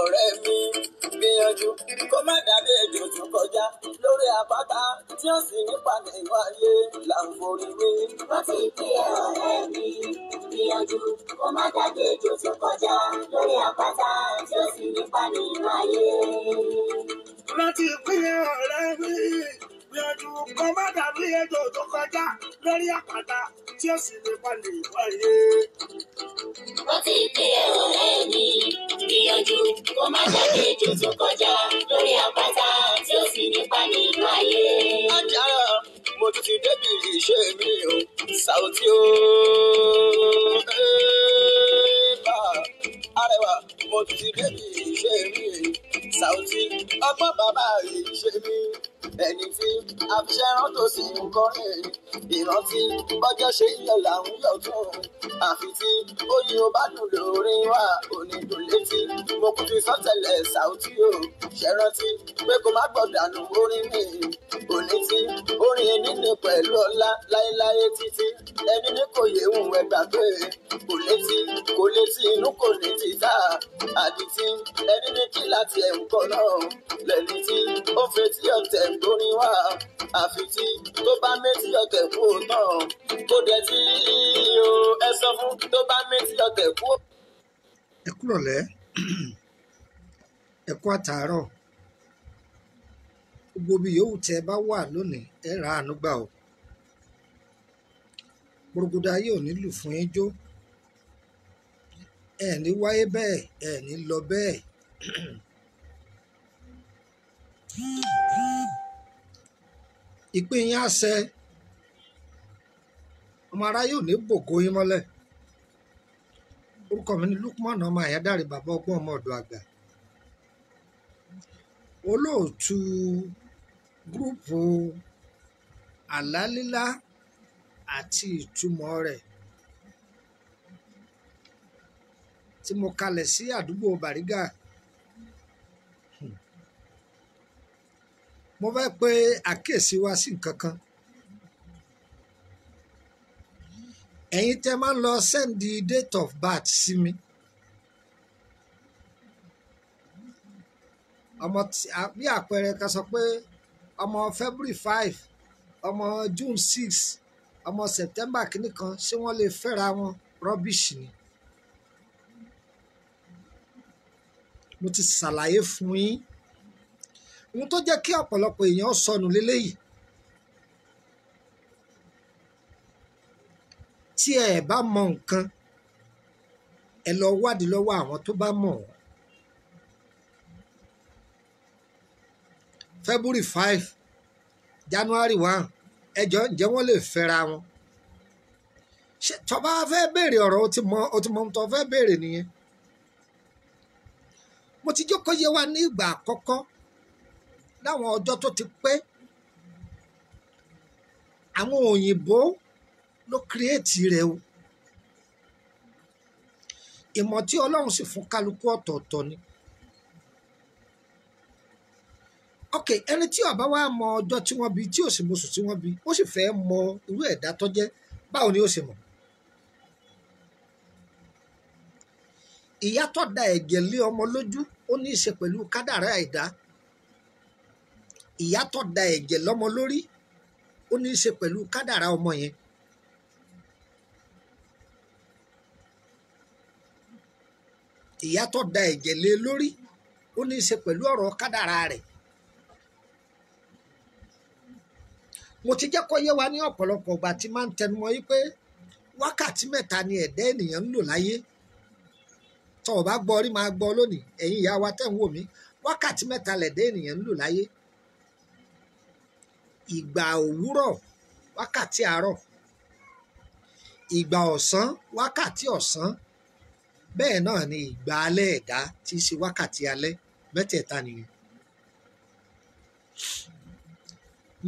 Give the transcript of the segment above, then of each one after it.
ọ̀rẹ́ mi gbìyànjú kó má dàbí ejò tó kọjá lórí àpáta tí ó sì nípa nínú ayé là ń forí wé. rántí pé ọ̀rẹ́ mi gbìyànjú kó má dàbí ejò tó kọjá lórí àpáta tí ó sì nípa nínú ayé. rántí pé ọ̀rẹ́ mi yẹnu kan má dàbí ejò tó kọjá lórí àpáta tí ó sì lè palè wáyé. ó ti pè é ọ̀rẹ́ mi gbìyànjú kó má dàbí ejò tó kọjá lórí àpáta tí ó sì lè palè wáyé. ọjà mo tún ti débi iṣẹ́ mi o Saoty o arẹwà mo tún ti débi iṣẹ́ mi Saoty ọmọ bàbá iṣẹ́ mi ẹni tí àfiṣẹ́rán tó sì ń kọrin ìrántí bọ́jọ́ ṣe ń yọ làwọn yọ̀tún àfi tí oyin ó bá dùn lórí wa òní dùn létí mo kún fi sọ́tẹ̀lẹ̀ ṣàwùtí o ṣẹ̀rántí pé kó má gbọ́dọ̀ ànú orin mi òní tí orin ẹni ní pẹ̀lú ọlá láéláé títí ẹni ní kò yé wù ẹgbà pé kò létí kò létí inú kò ní títà àdìtí ẹni ní kí láti ẹ̀ ń kọ́ náà lẹ́ni tí ó fetí ọ̀tẹ̀ ń lórí wa àfitì tó bá méjì ọ̀tẹ̀ kú òótọ́ kó dẹ̀ tí o ẹ sọ fún tó bá méjì ọ̀tẹ̀ kú. ẹ kúrò lẹ́ ẹ kú àtàárọ̀ gbogbo bí yòówù tẹ́ ẹ bá wà lónìí ẹ rà àánú gbà o gbòrògbòdà yóò nílù fún yín jó ẹ ní wáyé bẹ́ẹ̀ ẹ ní lọ bẹ́ẹ̀. ìpín yín á ṣẹ ọmọ aráyé ò ní bògo yín mọ́lẹ̀ orúkọ mi ni Lukman ọmọ Àyádáre bàbá ọgbọ́n ọmọ ọ̀dọ̀ àgbà olóòtú gúrúùpù àlálílá àti ìtumọ̀ rẹ̀ tí mo kalẹ̀ sí àdúgbò Bàrígà. mo fẹ́ pe àkíyèsí wa sí nǹkan kan ẹ̀yin tẹ́ máa ń lọ send the date of birth sí mi ọmọ bí àpẹẹrẹ ká sọ pé ọmọ February five ọmọ June six ọmọ September kìíní kan ṣé wọ́n lè fẹ́ra wọn rubbish ni mo ti ṣàlàyé fún yín ohun tó jẹ́ kí ọ̀pọ̀lọpọ̀ èèyàn sọnù leléyìí tí ẹ bá mọ nǹkan ẹ lọ wádìí lọ́wọ́ àwọn tó bá mọ̀ ọ́ February five January one ẹjọ́ ǹjẹ́ wọ́n lè fẹ́ra wọn tọ́ba fẹ́ béèrè ọ̀rọ̀ ó ti mọ ó ti mọ ohun tó fẹ́ béèrè nìyẹn mo ti jókòó yẹ wa ní ìgbà àkọ́kọ́ láwọn ọjọ́ tó ti pẹ́ àwọn òyìnbó ló kírètì rẹ̀ o ìmọ̀ tí ọlọ́run sì fún kálukú ọ̀tọ̀ọ̀tọ̀ ni ok ẹni tí ó bá wá mọ ọjọ́ tí wọ́n bí tí ò sì mọ oṣù tí wọ́n bí ó sì fẹ́ mọ irú ẹ̀dá tó jẹ́ báwo ni ó sì mọ̀ ìyá tó da ẹ̀jẹ̀ lé ọmọ lójú ó ní í ṣe pẹ̀lú kádàrá ẹ̀dá. E ìyá tó da ẹ̀jẹ̀ lọ́mọ lórí ó ní í ṣe pẹ̀lú kádàrá ọmọ yẹn. ìyá tó da ẹ̀jẹ̀ lé lórí ó ní í ṣe pẹ̀lú ọ̀rọ̀ kádàrá rẹ̀. mo ti jẹ́ kó yé wa ní ọ̀pọ̀lọpọ̀ ọgbà tí máa ń tẹnumọ́ yí pé wákàtí mẹ́ta ni ẹ̀dá ènìyàn ń lò láyé tọ́ ọ bá gbọ́ rí máa gbọ́ lónìí ẹ̀yin ìyá wa tẹ̀ ń wò mí wákàtí mẹ́ta lẹ̀dá ènìyàn ń lò láyé ìgbà òwúrọ̀ wákàtí àárọ̀ ìgbà ọ̀sán wákàtí ọ̀sán bẹ́ẹ̀ náà ni ìgbà alẹ́ ẹ̀dá tí í ṣe wákàtí alẹ́ mẹ́tẹ̀ẹ̀ta nìyẹn.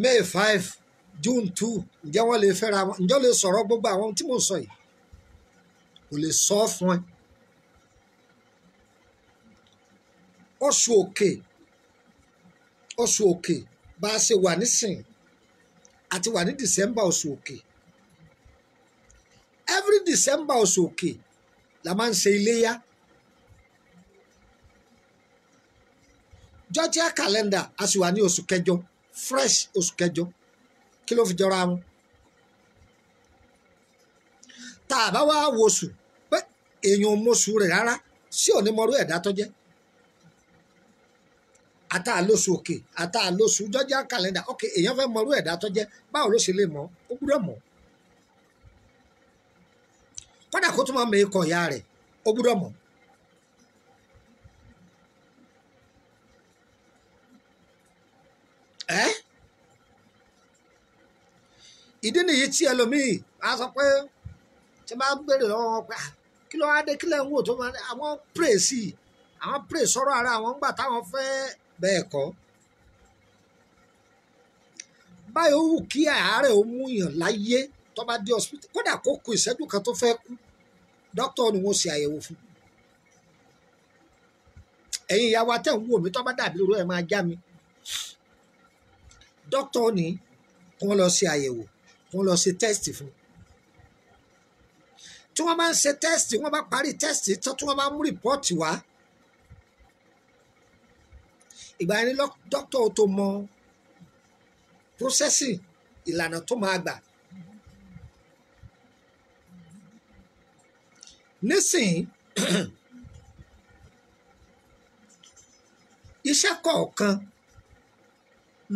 May five June two ǹjẹ́ wọ́n lè fẹ́ra wọn ǹjẹ́ wọ́n lè sọ̀rọ̀ gbogbo àwọn tí mò ń sọ yìí kò lè sọ ọ́ fún ẹ. Oṣù òkè oṣù òkè bá a ṣe wà nísìnyí àti wà ní december oṣù òkè every december oṣù òkè la máa ń ṣe iléyá georgia calendar a sì wà ní oṣù kẹjọ fresh oṣù kẹjọ kí ló fi jọra wọn tá a bá wá wo oṣù pé èèyàn mọṣù rẹ̀ rárá sí òní mọrú ẹ̀dá tó jẹ́ ata àlóṣù òkè ata àlóṣù jọjá kàlẹ́ndà ok èèyàn fẹ́ mọrú ẹ̀dá tó jẹ́ báwo ló ṣe lè mọ̀ ó gbúdọ̀ mọ̀ kódà kó tó máa mẹ́ ikọ̀ ìyá rẹ̀ ó gbúdọ̀ mọ̀. ẹ́ ìdí nìyí tí ẹlòmíì á sọ pé tí máa ń béèrè lọ́wọ́ wọn pé kí ló wá dé kí lẹ́ ń wò tó máa àwọn pray sí àwọn pray sọ̀rọ̀ ara àwọn gbà táwọn fẹ́ẹ́ bẹ́ẹ̀ kọ́ báyìí ó wù kí àárẹ̀ ó mú yàn láyé tó dé hospital kódà kó kù ìṣẹ́jú kan tó fẹ́ kú dókítà ni wọ́n ṣe àyẹ̀wò fún ẹ̀yin ìyá wa tẹ̀ ń dàbí irú ẹ̀ máa já mi dókítà ni wọ́n lọ ṣe àyẹ̀wò wọ́n lọ ṣe tẹ́sítì fún tí wọ́n bá ń ṣe tẹ́sítì wọ́n bá parí tẹ́sítì tán tí wọ́n bá mú rìpọ́ọ̀tì wá ìgbà yẹn ni dókítà tó mọ processing ìlànà tó máa gbà nísìnyí iṣẹ́ kọ̀ọ̀kan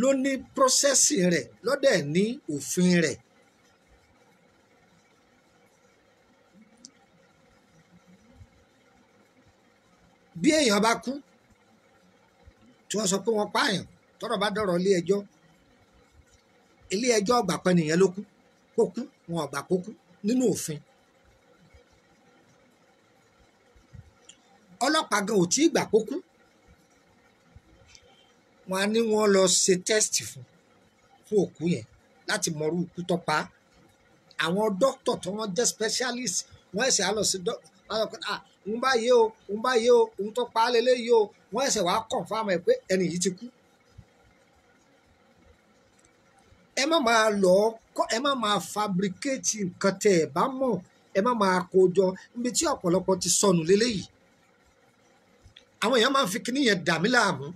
ló ní processing rẹ̀ lọ́dẹ̀ ní òfin rẹ̀. bí èèyàn bá kú tí wọ́n sọ pé wọ́n pààyàn tọ́rọ̀ bá dọ̀rọ̀ ilé ẹjọ́ ilé ẹjọ́ ọgbà pẹ́ nìyẹn ló kú kó kú wọn ọgbà kó kú nínú òfin ọlọ́pàá gan ò tí ì gbà kó kú wọn á ní wọn lọ ṣe tẹ́sítì fún fún òkú yẹn láti mọrú ikú tó pa á àwọn dókítà tó wọn jẹ́ specialist wọn ẹsẹ á lọ sí dókítà ń báyìí o ń báyìí o ń tó pa o wọ́n ẹ̀sẹ̀ wàá kàn fáwọn ẹ̀ pé ẹni yìí ti kú. ẹ má lọ kọ́ ẹ má máa fabricate nǹkan bá mọ̀ ẹ má máa kó jọ níbi tí ọ̀pọ̀lọpọ̀ ti sọnù àwọn èèyàn máa ń fi kíní yẹn dà mí láàmú.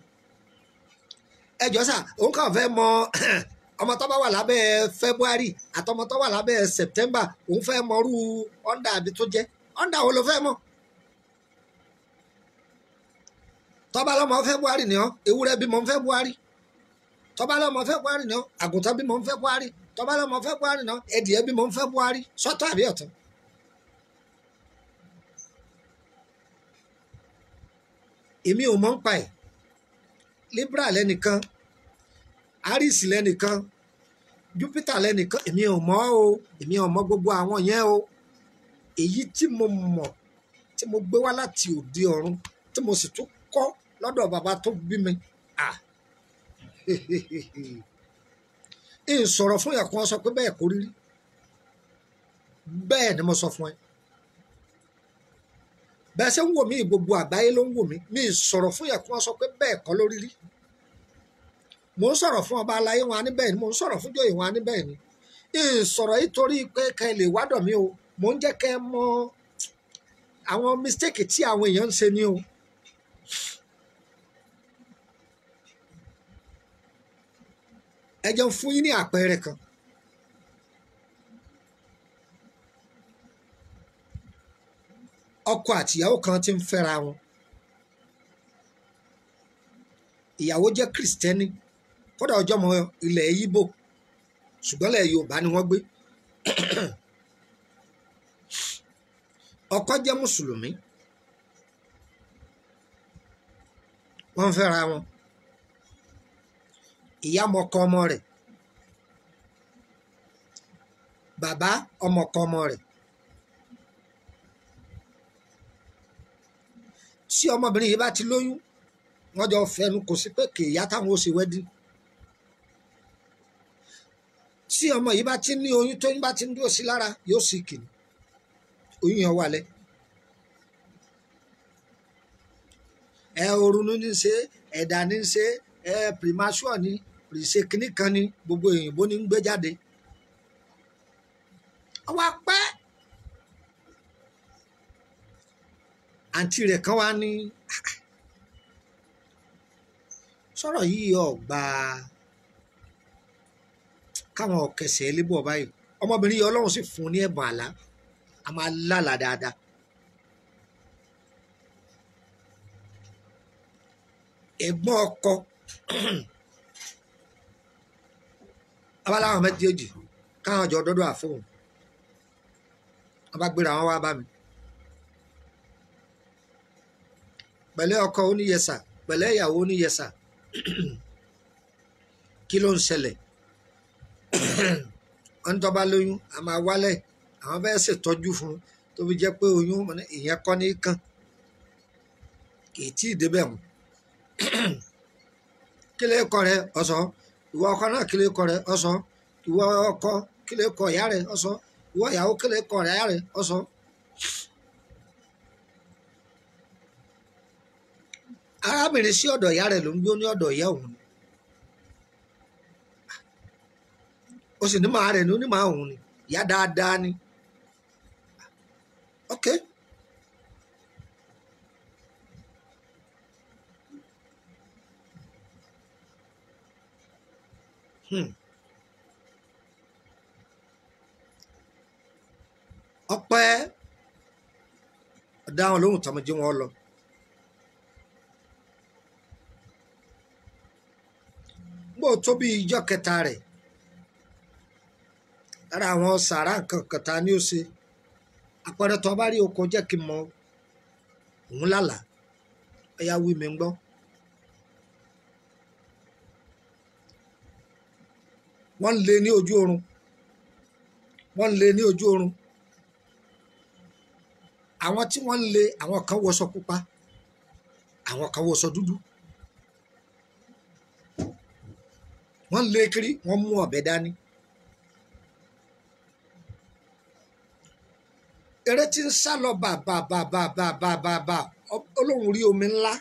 ẹ mọ ọmọ tó bá wà lábẹ́ òun fẹ́ àbí tó jẹ́ wo mọ̀ tọ́ba lọ́mọ February ni ọ́ ewúrẹ́ bímọ February tọ́ba lọ́mọ February ni ọ́ àgùntàn bímọ February tọ́ba lọ́mọ February ni ọ́ ẹdìyẹ bímọ February sọ́tọ̀ àbí ọ̀tọ̀. èmi ò mọ̀ ń pa ẹ̀ Libra lẹ́nìkan Aries lẹ́nìkan Jupiter lẹ́nìkan èmi ò mọ̀ o èmi ò mọ̀ gbogbo àwọn yẹn o èyí tí mo mọ̀ tí mo gbé wá láti òde ọ̀run tí mo sì tún kọ́ lọ́dọ̀ bàbá tó bí mi à ń sọ̀rọ̀ fún yàn kan sọ pé bẹ́ẹ̀ kò rí rí bẹ́ẹ̀ ni mo sọ fún ẹ bẹ́ẹ̀ ṣe ń wò mí gbogbo àgbáyé ló ń wò mí mi sọ̀rọ̀ fún yàn kan sọ pé bẹ́ẹ̀ kọ́ ló rí rí mò ń sọ̀rọ̀ fún ọba aláyé wọn ní bẹ́ẹ̀ ni mò ń sọ̀rọ̀ fún jòyè wọn ní bẹ́ẹ̀ ni ìsọ̀rọ̀ yìí torí pé kẹ́ ẹ lè wádọ̀ mi o mò ń jẹ́ kẹ́ mọ àwọn mistake tí àwọn èèyàn ń ṣe ni o. ẹ jẹ́ fún yín ní àpẹẹrẹ kan ọkọ àtìyàwó kan ti ń fẹ́ra wọn ìyàwó jẹ́ kìrìsìtẹ́nì kódà ọjọ́ mọ ilẹ̀ Ìgbò ṣùgbọ́n ilẹ̀ Yorùbá ni wọ́n gbé ọkọ jẹ́ mùsùlùmí wọ́n ń fẹ́ra wọn ìyá ọmọkọ ọmọ rẹ̀ bàbá ọmọkọ ọmọ rẹ̀ tí ọmọbìnrin yìí bá ti lóyún wọ́n jọ fẹnu kò sí pé kì í yá táwọn ó ṣe wẹ́dí tí ọmọ yìí bá ti ní oyún tóyún bá ti ń dúró sí lára yóò sì kìnnì oyún yẹn wà lẹ. ẹ oorun ní ṣe ẹ̀dá ní ṣe premature ni pèsè kínní kan ni gbogbo òyìnbó ni ń gbé jáde ọwọ́ apẹ́ àǹtí rẹ̀ kan wá ní ah, sọ̀rọ̀ yìí ọ̀gbà káwọn ọ̀kẹsẹ̀ lébọ̀ báyìí ọmọbìnrin yìí ọlọ́run sì fún un ní ẹ̀bùn àlá a máa lálà dáadáa. ẹ̀gbọ́n ọkọ ọba láwọn méjèèjì káwọn jọ dọdọ àfọwọn ọba gbéra wọn wá bá mi pẹ̀lẹ́ ọkọ oníyẹsà pẹ̀lẹ́ ìyàwó oníyẹsà kí ló ń ṣẹlẹ̀ wọn tọ́ bá lóyún a máa wálẹ̀ àwọn fẹ́ẹ́ ṣètọ́jú fún un tó fi jẹ́ pé oyún ìyẹn kọ́ ní kan kì í tí ì débẹ̀ wọn kílé kọ rẹ ọ̀sọ́ ìwọ ọkọ náà kílé kọ rẹ ọ̀sọ́ ìwọ ọkọ kílé kọ ìyá rẹ ọ̀sọ́ ìwọ ìyàwó kílé kọ arábìnrin sí ọ̀dọ̀ ìyá rẹ̀ ló ń gbé ó ní ọ̀dọ̀ Hmm. ọpẹ́ ọdá wọn lóhùn tọmọdé wọn lọ bó tó bí ijọ́ kẹta rẹ̀ lára àwọn sàrà nǹkan kẹta ni ó ṣe àpẹẹrẹ tó bá rí oko jẹ́ kí n mọ òun lálàá ẹ̀yà wí mi ń gbọ́. wọ́n ń lé ní ojú oorun wọ́n ń lé ní ojú oorun àwọn tí wọ́n ń lé àwọn kan wọṣọ pupa àwọn kan wọṣọ dúdú wọ́n ń lé kiri wọ́n mú ọ̀bẹ dání. eré tí ń sá lọ bàbàbàbàbàbà olóhùn rí omi ńlá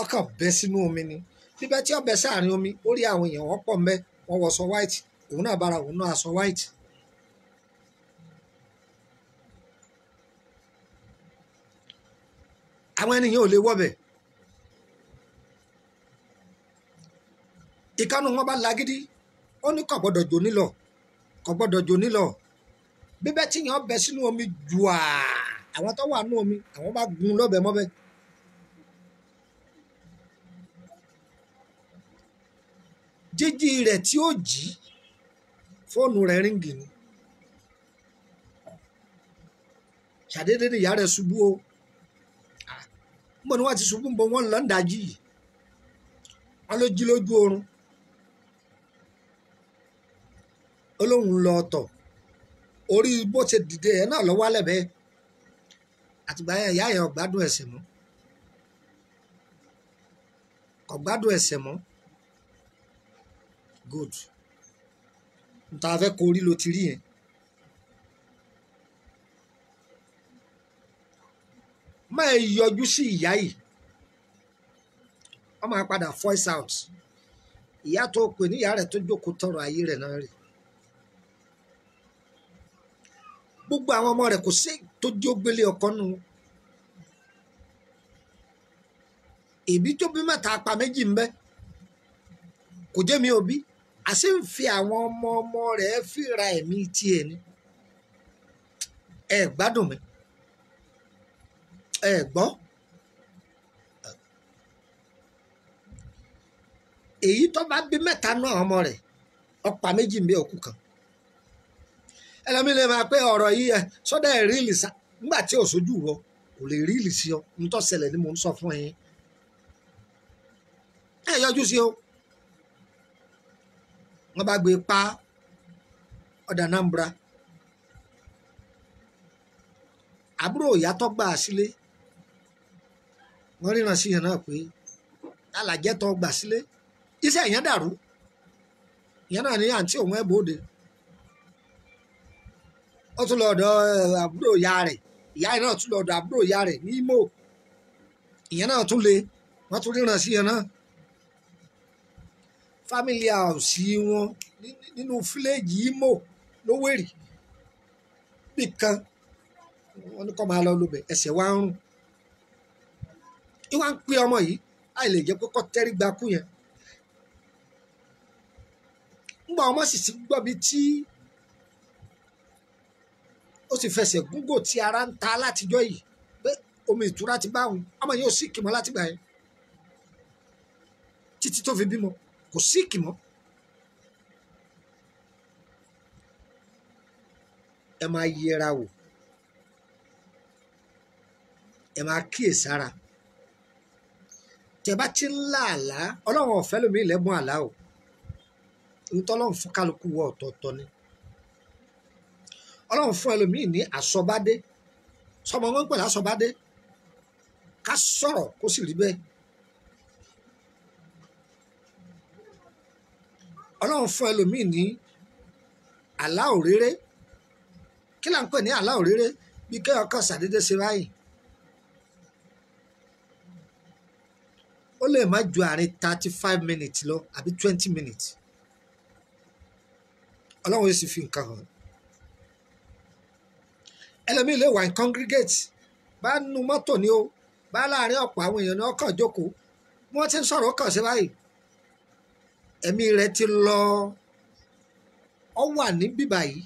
ọkàn bẹ́ sínú omi ni. bíbẹ́ tí ọbẹ̀ sáàrin omi ó rí àwọn èèyàn wọ́n pọ̀ mẹ́ wọ́n wọṣọ white òun náà bára òun náà aṣọ white. àwọn ẹni ènìyàn ò lè wọ́bẹ̀. ìkànnì wọn bá lágídí ó ní kò gbọdọ̀ jò nílọ kò gbọdọ̀ jò nílọ bíbẹ́ tí yẹn ọbẹ̀ sínú omi jùà àwọn tó wà nú omi àwọn bá gun lọ́bẹ̀ mọ́bẹ̀. jíjí rẹ̀ tí ó jí fóònù rẹ̀ ríngì ni ṣàdédé ni ìyá rẹ̀ ṣubú o mbọ̀ ni wọ́n ti ṣubú mbọ̀ wọ́n lọ́n dájú yìí wọ́n ló jí lójú oorun olóhùn lọ ọ̀tọ̀ orí bó ṣe dìde ẹ̀ náà lọ́wọ́ alẹ́ bẹ́ẹ̀ àtìgbà yẹn ìyá yẹn ò gbádùn ẹ̀sìn mọ́ kò gbádùn good tá a fẹ́ kó rí ló ti rí yẹn. máa yọjú sí ìyá yìí wọ́n máa padà voice out ìyá tó pè ní ìyá rẹ̀ tó jókòó tọrọ ayé rẹ̀ náà rè gbogbo àwọn ọmọ rẹ̀ kò sí tó di ógbélé ọkọ nù èbí tó bí mẹ́ta apá méjì ń bẹ kò jẹ́ mi ò àṣé ń fi àwọn ọmọ ọmọ rẹ̀ fìra ẹ̀mí tiẹ̀ ni ẹ gbádùn mi ẹ gbọ́ èyí tó bá bí mẹ́ta náà ọmọ rẹ̀ ọ̀pá méjì ń bẹ òkú kan ẹlẹ́mi lè máa pé ọ̀rọ̀ yìí ẹ sọ́dọ̀ ẹ̀ ríìlì sá nígbà tí ò sójú wọ kò lè ríìlì sí ọ ń ni mò ń sọ fún yín ẹ yọjú sí o wọ́n bá gbé pa ọ̀dà Anambra àbúrò ìyá tó gbà á sílé wọ́n ríran sí yẹn náà pé alàjẹ́ tó gbà sílé iṣẹ́ ìyẹn dàrú ìyẹn náà ní àǹtí òun ẹ̀ bòde ó tún lọ ọ̀dọ̀ eh, àbúrò ìyá rẹ̀ ìyá náà tún lọ ọ̀dọ̀ àbúrò ìyá rẹ̀ ní Imo ìyẹn náà tún le wọ́n tún ríran sí yẹn náà family house wọn nínú fíléèjì Imo lówèrè nìkan wọn ní kọ́ máa lọ lóbẹ̀ ẹsẹ̀ wá ń rùn ìwà ń pè ọmọ yìí àì lè jẹ́ pé kọ́ tẹ́rí gba kú yẹn ńgbà ọmọ sì ti gbọ́ bi tí ó sì fẹsẹ̀ gúngò tí ara ń ta látijọ́ yìí pé omi ìtura ti bá òun ọmọ yìí ò sì kìmọ̀ látìgbà yẹn títí tó fi bímọ kò síìkì mọ́ ẹ máa yẹra wò ẹ máa kíyèsára tẹ bá ti ń lá àlá ọlọ́run ọ̀fẹ́ lómi ìlẹ́gbọ̀n àlá o ntọ́lọ́run fún kálukú wọ ọ̀tọ̀ọ̀tọ̀ ni ọlọ́run fún ẹlòmíì ní àsọbádé sọmọ wọn ń pè ká sọ̀rọ̀ kó sì rí bẹ́ẹ̀ ọlọ́run fún ẹlòmíì ní àlá òréré kí là ń pè ní àlá òréré bí kéèyàn kan ṣàdédé ṣe báyìí ó lè má ju àárín thirty five minutes lọ àbí twenty minutes ọlọ́run yóò sì fi nǹkan hàn ẹlòmíì lè wà ní congregate bá nu mọ́tò ni o bá láàrin ọ̀pọ̀ àwọn èèyàn ní ọkọ̀ jókòó bí wọ́n ti ń sọ̀rọ̀ ọkọ̀ ṣe báyìí ẹ̀mí rẹ ti lọ ọ wà ní bíbà yìí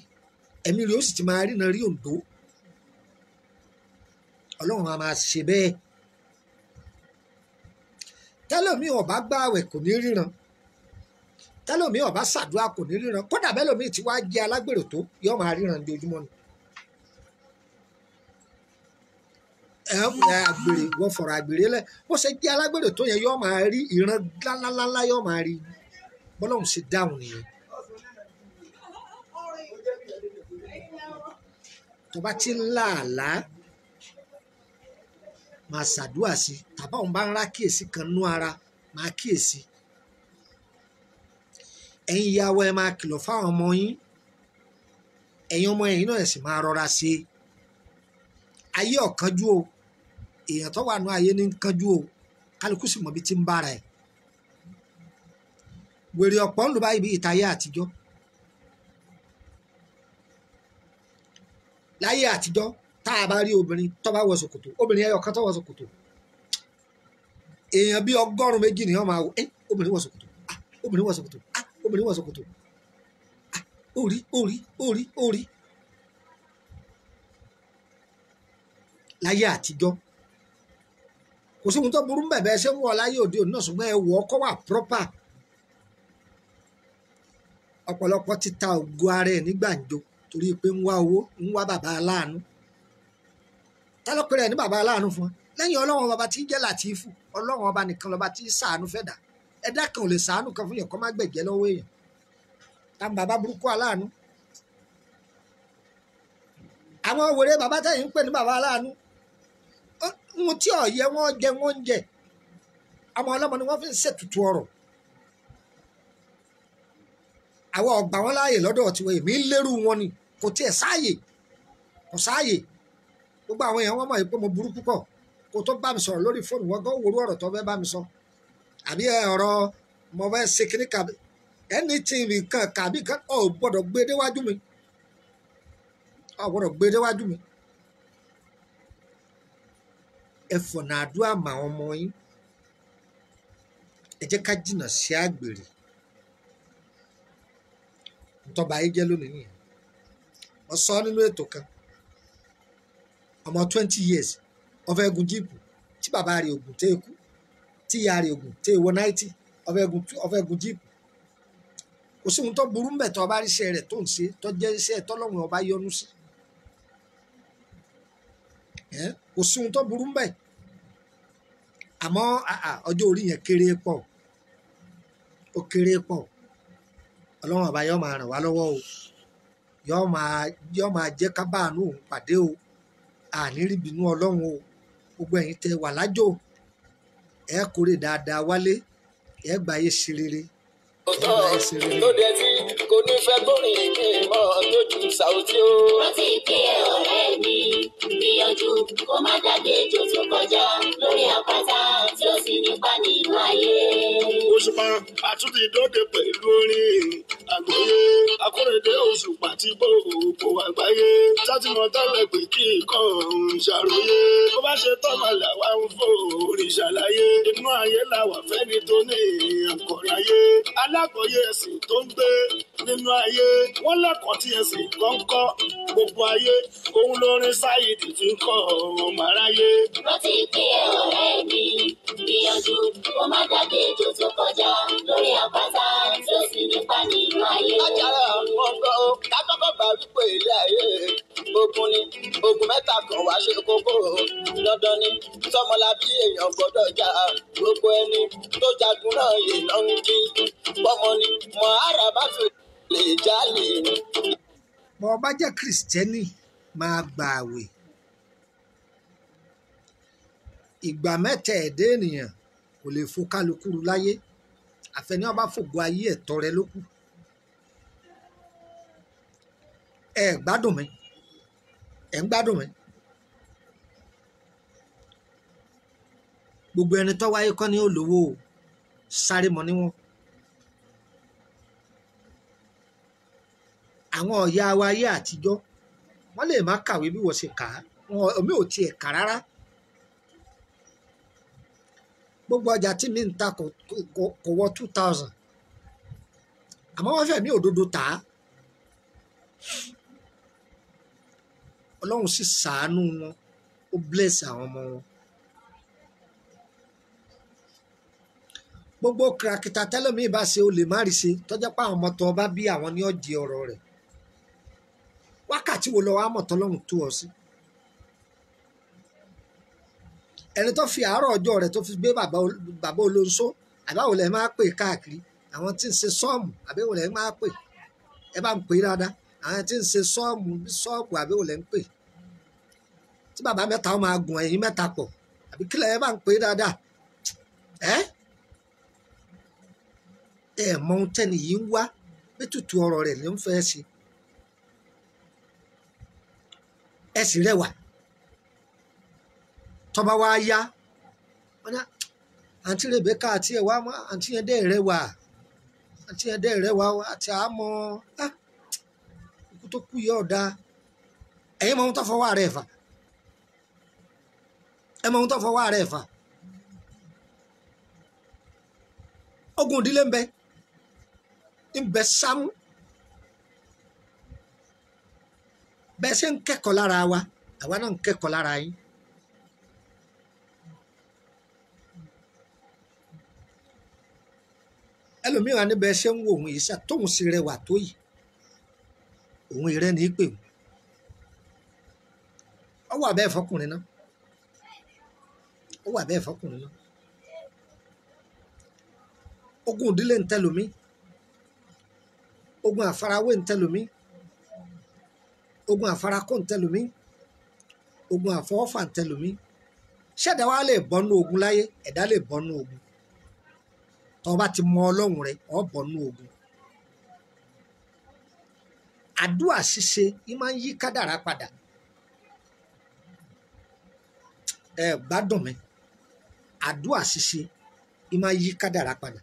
ẹ̀mí rẹ ó sì ti máa rí náà rí òǹdó ọlọ́run a máa ṣe bẹ́ẹ̀ tẹ́lọ̀mí ọ̀bá gbààwẹ̀ kò ní ríran tẹ́lọ̀mí ọ̀bá ṣàdúrà kò ní ríran kódà bẹ́lọ̀mí ti wá jẹ́ alágbèrò tó yọ máa ríran ní ojúmọ́ ni. ẹ ẹ àgbèrè wọ́n fọ̀rọ̀ àgbèrè lẹ̀ bó ṣe jẹ́ alágbèrè tó yẹn yọ máa rí ìran lálálálá yọ máa rí ni. bọ́lọ́hún ṣe dáhùn nìyẹn. tó bá ti ń lá àlá máa ṣàdúrà sí i tàbá òun bá ń rá kíyèsí kan nú ara máa kíyèsí. ẹ̀yin ìyàwó ẹ máa kìlọ̀ fáwọn ọmọ yín ẹ̀yin ọmọ ẹ̀yin náà sì máa rọra ṣe ayé ọ̀kánjú o èèyàn tó wà nú ayé ní kánjú o kálukú sì mọ̀ bí ti ń bára ẹ̀ wèrè ọ̀pọ̀ ń lò báyìí bí ìtayé àtijọ́ láyé àtijọ́ tá a bá rí obìnrin tó bá wọ ṣòkòtò obìnrin ẹyọ kan tó wọ ṣòkòtò èèyàn bíi ọgọ́rùn-ún méjì ni wọ́n máa wọ ẹ́ obìnrin wọ ṣòkòtò ah obìnrin wọ ṣòkòtò ah obìnrin wọ ṣòkòtò ah orí orí orí orí láyé àtijọ́ kò sí ohun tó burú bẹ̀bẹ̀ ṣé ń wọ̀ láyé òde òní náà ṣùgbọ́n ẹ wọ̀ ọ́ wà proper ọ̀pọ̀lọpọ̀ ti ta ògo ara ẹ̀ ní gbàǹjo torí pé ń wá owó ń wá bàbá aláàánú tálọ́pẹ́ rẹ̀ ní bàbá aláàánú fún lẹ́yìn ọlọ́run ọba tí í jẹ́ làtífù ọlọ́run ọba nìkan lọ́ba tí í sàánú fẹ́ dà ẹ̀dá kan ò lè sàánú kan fún yẹn kọ́ má gbẹ̀jẹ́ lọ́wọ́ èèyàn ta bàbá burúkú aláàánú àwọn wèrè bàbá táyì ń pè ní bàbá aláàánú ohun tí ọ̀yẹ́ wọn jẹ wọn jẹ àwọn ọlọ́mọ ni wọ́n fi ń ṣètùtù ọ̀rọ̀ àwa ọgbà wọn láàyè lọ́dọ̀ tiwọn èmi ń lérú wọn ni kò tiẹ̀ sáàyè kò sáàyè gbogbo àwọn èèyàn wọn mọ̀ pé mo burú púpọ̀ kó tó bá mi sọ̀rọ̀ lórí fóònù wọn gan wòrú ọ̀rọ̀ tó fẹ́ bá mi sọ àbí ọ̀rọ̀ mo fẹ́ ṣe kíní kàbí ẹni nǹkan kàbí kan ọ̀ gbọ́dọ̀ gbé déwájú mi ọ̀ gbọ́dọ̀ gbé déwájú mi ẹ fọ̀nà àdúrà mà ọmọ yín ẹ jẹ́ ká jìnnà sí àgbèrè tọba ayé jẹ́ lónìí nìyẹn mo sọ nínú ètò kan ọmọ twenty years ọfẹ gun jíìpù tí bàbá rẹ̀ ògùn tẹ ikú tí ìyá rẹ̀ ògùn tẹ ìwọ náìtì ọfẹ gun jíìpù kò sí ohun tó burú mbẹ tó ọba iṣẹ́ rẹ̀ tó ń ṣe tó jẹ́ iṣẹ́ tọlọ́run ọba yọ́nú sí kò sí ohun tó burú mbẹ àmọ́ ọjọ́ orí yẹn kéré pọ̀ ó kéré pọ̀ ọlọ́run ọba yóò máa ràn wá lọ́wọ́ o yóò máa yóò máa jẹ́ ká pàdé o ànírìbínú ọlọ́run o gbogbo ẹ̀yin tẹ́ wà lájò ẹ kórè dáadáa wálé ẹ gbáyé sí rere ẹ gbáyé sí rere kò ní fẹ́ kórìn èké mọ́ tójú Saoty o. rántí pé e ọ̀rẹ́ mi gbìyànjú kó má dàgbé jò tó kọjá lórí àpáta tí ó sì nípa nínú ayé. Òṣùpá àtúntì dóde pẹ̀lú orin àgbáyé akórèdé Òṣùpá ti bò òkò àgbáyé sátìmọ̀ tẹ́lẹ̀ pé kí nǹkan ọ̀hún ṣàròyé bó bá ṣe tọ́mọ làwa ń fò orin ṣàlàyé inú ayé làwà fẹ́ni tó ní ìyànkọ̀rẹ́ ayé ẹ̀sìn tó ń gbé nínú ayé wọ́n lẹ́kọ̀ọ́ tí ẹ sì kọ́ńkọ́ gbogbo ayé òun lórin sáyidì fi ń kọ́ ọ̀rọ̀ màráyé. rántí pé ọ̀rẹ́ mi gbìyànjú kó má dàbí ejò tó kọjá lórí àpáta tí ó sì nípa nínú ayé. ajára àwọn ọgbọ́n o ká kọ́kọ́ gbà wípé ilé ayé ogun ni ogun mẹ́ta kan wá ṣe kókó dandan ni sọmọlábí èèyàn gbọ́dọ̀ jà gbogbo ẹni tó jagun náà yìí náà ń bọ́mọ ni mọ̀ árabá t lè jálè. bọ́ ọ bá jẹ́ kìrìsìtẹ́nì máa gba àwẹ̀ ìgbà mẹ́ta ẹ̀dẹ́ ènìyàn kò lè fo kálukú láyé àfẹ́ni ọba fògo ayé ẹ̀tọ́ rẹ ló kù ẹ gbádùn mi ẹ ń gbádùn mi gbogbo ẹni tó wáyé kọ́ ni ó lówó o sáré mọ́ níwọ̀n àwọn ìyá wa ayé àtijọ́ wọ́n lè má kàwé bí wọ́n ṣe kà á wọn omi ò tiẹ̀ kà rárá gbogbo ọjà tí mi ń ta kò wọ two thousand àmọ́ wọ́n fẹ̀mí òdodo tà á ọlọ́run sì ṣàánú wọn ó bless àwọn ọmọ wọn gbogbo kìràkìtà tẹ́lẹ̀mí ìbá ṣe o má rí ṣe tọ́jọ́ pé àwọn ọmọ tó bá bí àwọn ní ọ̀dì ọ̀rọ̀ rẹ̀ wákàtí wo lọ wá mọ̀ tọ́lọ́run tú ọ sí. ẹni tó fi àárọ̀ ọjọ́ rẹ̀ tó fi gbé bàbá olóńsó àbáwò lẹ máa pè káàkiri àwọn tí ń ṣe sọ́ọ̀mù àbẹ̀wò lẹ máa pè ẹ bá ń pè dáadáa àwọn tí ń ṣe sọ́ọ̀mù sọ́ọ̀mù àbẹ̀wò lẹ ń pè tí bàbá mẹ́ta máa gùn ẹ̀yìn mẹ́ta pọ̀ àbí kílẹ̀ ẹ bá ń pè dáadáa ẹ́ ẹ̀ mọ ohun tẹ́ni yìí ń wá pé tútù ọ̀rọ̀ rẹ̀ ló ń fẹ́ ṣe. ẹ sì rẹwà tọba wa yá wọn ní àǹtí Rebecca àti ẹwà àǹtí yẹn dẹ rẹwà àǹtí yẹn dẹ rẹwà àti àmọ́ ikú tó kú yẹ ọdá ẹyin mọ ohun tó fọwọ́ rẹ fà ẹ mọ ohun tó fọwọ́ rẹ fà ogun ìdílé ń bẹ ń bẹ sámú bẹ́ẹ̀ ṣe ń kẹ́kọ̀ọ́ lára wa àwa náà ń kẹ́kọ̀ọ́ lára yín. ẹlòmíràn níbẹ̀ ṣe ń wo òun yìí ṣá tóun sì rẹwà tó yìí òun ìrẹ́ ní í pè ó wà bẹ́ẹ̀ fọkùnrin náà ó wà bẹ́ẹ̀ fọkùnrin náà ogun ìdílé ń tẹlòmí ogun àfarawé ń tẹlòmí ogun àfarakọ́ ń tẹlòmí ogun àfọwọ́fà ń tẹlòmí ṣẹ̀dá wa lè bọ́nú ogun láyé ẹ̀dá lè bọ́nú ogun tó bá ti mọ ọlọ́run rẹ ọ̀ bọ́nú ogun àdúà ṣíṣe yìí máa ń yí kádàrá padà ẹ gbádùn mi àdúà ṣíṣe yìí máa ń yí kádàrá padà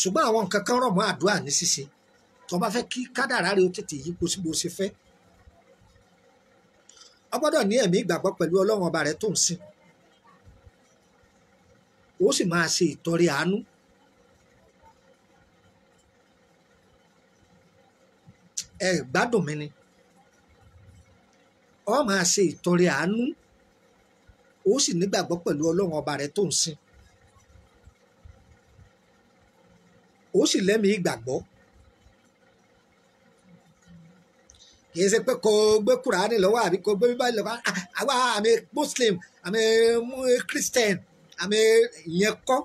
ṣùgbọ́n àwọn nǹkan kan rọ̀ mọ́ àdúrà ní ṣíṣe tó bá fẹ́ kí kádàrá rẹ ó tètè yí kó sí bó ṣe fẹ́ ọ gbọ́dọ̀ ní ẹ̀mí ìgbàgbọ́ pẹ̀lú ọlọ́run ọba rẹ tó ń sìn ó sì máa ṣe ìtọrẹ àánú ẹ gbádùn mi ni ọ máa ṣe ìtọrẹ àánú ó sì nígbàgbọ́ pẹ̀lú ọlọ́run ọba rẹ tó ń sìn ó sì lẹ́mìí ìgbàgbọ́ kìí ṣe pé kò gbé kúránì lọ́wọ́ àbí kò gbé bíbá lọ́wọ́ ah, àwa àmì muslim àmì christian àmì ìyẹn kọ́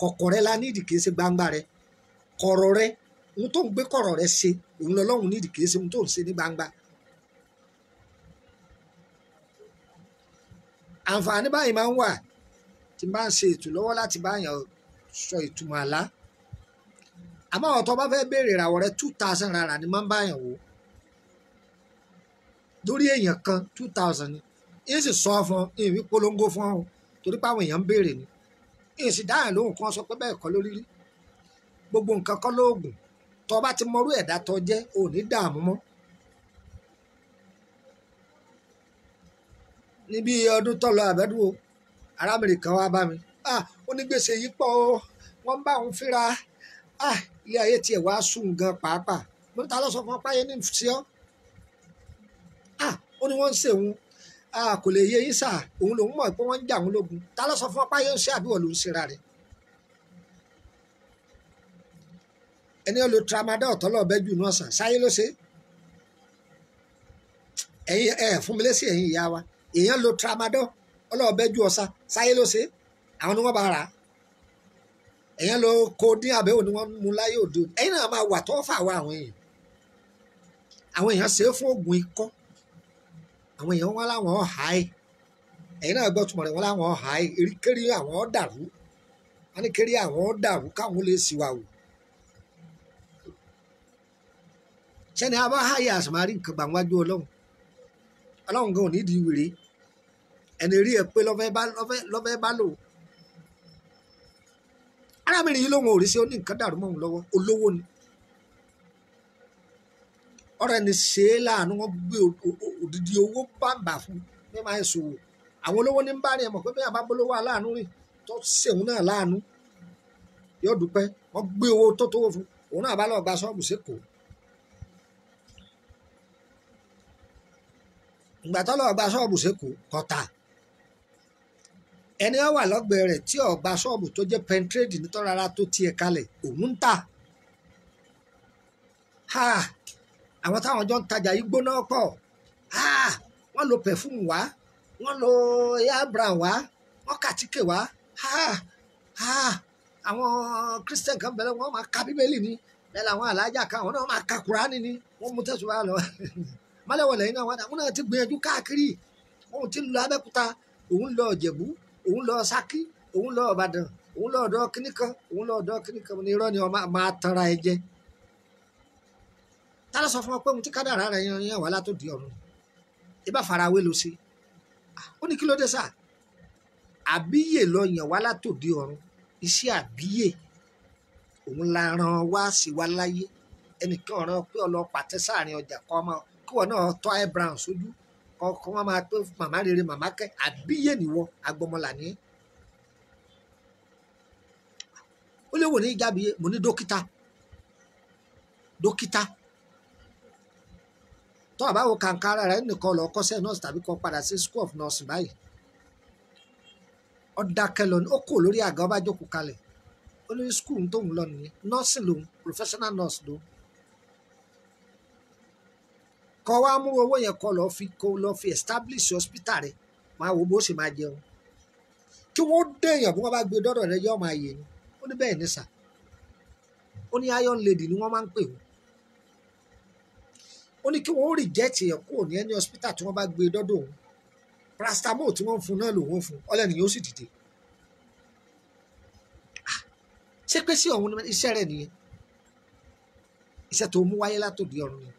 kọ̀kọ̀ rẹ la nídìí kìí ṣe gbangba rẹ kọ̀rọ̀ rẹ ohun tó ń gbé kọ̀rọ̀ rẹ ṣe òun lọ́lọ́run nídìí kìí ṣe ohun tó ń ṣe ní gbangba. àǹfààní báyìí máa ń wà tí n bá ń ṣe ètò lọ́wọ́ láti bá sọ ìtumọ̀ àlá. So àmọ́ àwọn tó bá fẹ́ béèrè ìràwọ̀ rẹ two thousand naira ni máa ń báyàn wò lórí èèyàn kan two thousand ni ń sì sọ fún un ìwí polongo fún un torí pé àwọn èèyàn ń béèrè ni ń sì dáhùn lóhùn kan sọ pé bẹ́ẹ̀ kọ́ lórí rí gbogbo nǹkan kọ́ lóògùn tó bá ti mọrú ẹ̀dá tó jẹ́ ò ní dààmú mọ́. níbi ọdún tó lọ àbẹ́dúró arábìnrin kan wá bá mi ó ah, ní yìí pọ̀ wọ́n bá òun fínra ah, ilé ayé tiẹ̀ wá sùn gan pàápàá mo ta lọ fún ọpá ní sí ah ó ní wọ́n ń ṣèwọ̀n ah kò lè yé yín sà òun lòun mọ̀ pé wọ́n ń jà òun lógun ta lọ sọ fún ọpá yẹn ń ṣe àbíwọ̀ ló ń ṣera rẹ̀ ẹni ó lo tramadol tọ́lọ̀ bẹ́ẹ̀ jù náà sàn sáyé ló ṣe ẹ̀yin ẹ̀ fún mi lẹ́sìn ẹ̀yin ìyá wa èèyàn lo tramadol ọlọ́ọ̀bẹ́jú ọ̀sà sáyé ló ṣe àwọn ni wọ́n bá rà á ẹ̀yẹn lọ kó dín àbẹ̀wò ni wọ́n mú láyé òde ẹ̀yìn náà máa wà tó fà wá àwọn èèyàn àwọn èèyàn ṣe é fún oògùn ikọ́ àwọn èèyàn wọn láwọn ọ̀hà ẹ̀ ẹ̀yìn náà gbọ́ túmọ̀ rẹ̀ wọn láwọn ọ̀hà ẹ̀ erékeré àwọn ọ̀dàrú wọn ní kéré àwọn ọ̀dàrú káwọn lè ṣìwà wò sẹ́ni abá háyè àsàmárì nǹkan gbàǹwájú ọlọ́run ọlọ́run gan ò ní ìdí wèrè ẹni rí ẹ pé lọ́fẹ́ bá lò arábìnrin yìí lòun ò rí sí ó ní nǹkan dàrú mọ́ òun lọ́wọ́ olówó ni ọ̀rọ̀ ẹni ṣe é láàánú wọ́n gbé òdìdí owó bàbà fún bí máa ń ṣòwò àwọn olówó ní ń bá rìn ẹ̀ mọ̀ pé bí àbá bolówó aláàánú rìn tó ṣèwọ́n náà láàánú yóò dúpẹ́ wọ́n gbé owó tó tówó fún òun náà bá lọ́ọ́ gba ṣọ́ọ̀bù sékòó ìgbà tó lọ́ọ́ gba ṣọ́ọ̀bù sékòó kọ́ta ẹni wá wà lọ́gbẹ̀ẹ́ rẹ̀ tí ọ̀gbà ṣọ́ọ̀bù tó jẹ́ pentrade nítorí ara tó tiẹ̀ kalẹ̀ òun ń tà àwọn táwọn jọ ń tajà yìí gbóná pọ̀ wọ́n lo pẹ̀fúmù wá wọ́n lo airbran wá wọ́n kàtíkè wá àwọn christian kan bẹ̀rẹ̀ wọ́n máa ka bíbélì ni bẹ́ẹ̀ làwọn alájà kan àwọn náà máa ka kùránì ni wọ́n mú tẹ̀sùn bá lọ mọ́lẹ́wọ̀lẹ́yìn náà wọ́n náà ti gbìyànjú káàkiri wọ́n ti lọ abẹ́kúta òun lọ ọ̀jẹ̀bú òun lọ Ṣakí òun lọ Ìbàdàn òun lọ ọ̀dọ̀ kínní kan òun lọ ọ̀dọ̀ kínní ní irọ́ ni ọmọ máa tanra ẹ jẹ tá ló sọ fún ọ pé òun ti kádàrá rẹ yan yan wà látò di ọ̀run ibà farawé ló ṣe ó ní kí ló dé sá àbíyè lọ yàn wá látò di ọ̀run iṣẹ́ àbíyè òun la ràn wá sí wa láyé ẹnìkan ọ̀ràn pé ọlọ́pàá tẹ sáàrin ọjà kọ́ ọmọ kí wọn náà tọ́ ẹ̀ brown sójú. So kọ́ wọ́n máa pé màmá rere màmá kẹ́ àbíyè nìwọ agbọmọlà ní. ó léwò ní ìjábí mo ní dókítà dókítà tó àbáwo kàǹkà ara rẹ nìkan lọ kọ́ṣẹ́ nọ́ọ̀sì tàbí kó padà sí school of nursing báyìí ọ̀dàkẹ́ lọ ó kò lórí àga ọba jókòó kalẹ̀ ó ní school tóun lọ nìyẹn nursing lòun professional nurse lòun kọ wá mú owó yẹn kọ lọ fi kọ lọ fi establish hospital rẹ máa wo bó ṣe máa jẹun kí wọ́n dèèyàn bí wọ́n bá gbé e dọ́dọ̀ rẹ yọ máa yè ni ó ní bẹ́ẹ̀ ní sà ó ní iron lady ni wọ́n máa ń pè wọ́n ó ní kí wọ́n ó reject èèyàn kúrò ní ẹni hospital tí wọ́n bá gbé e dọ́dọ̀ òun paracetamol tí wọ́n ń fún náà lòun fún ọlẹ́ni yóò sì dìde ah! ṣé pé sí ọ̀hún iṣẹ́ rẹ̀ nìyẹn iṣẹ́ tó mú wáyé látòdì ọ̀run nìyẹn.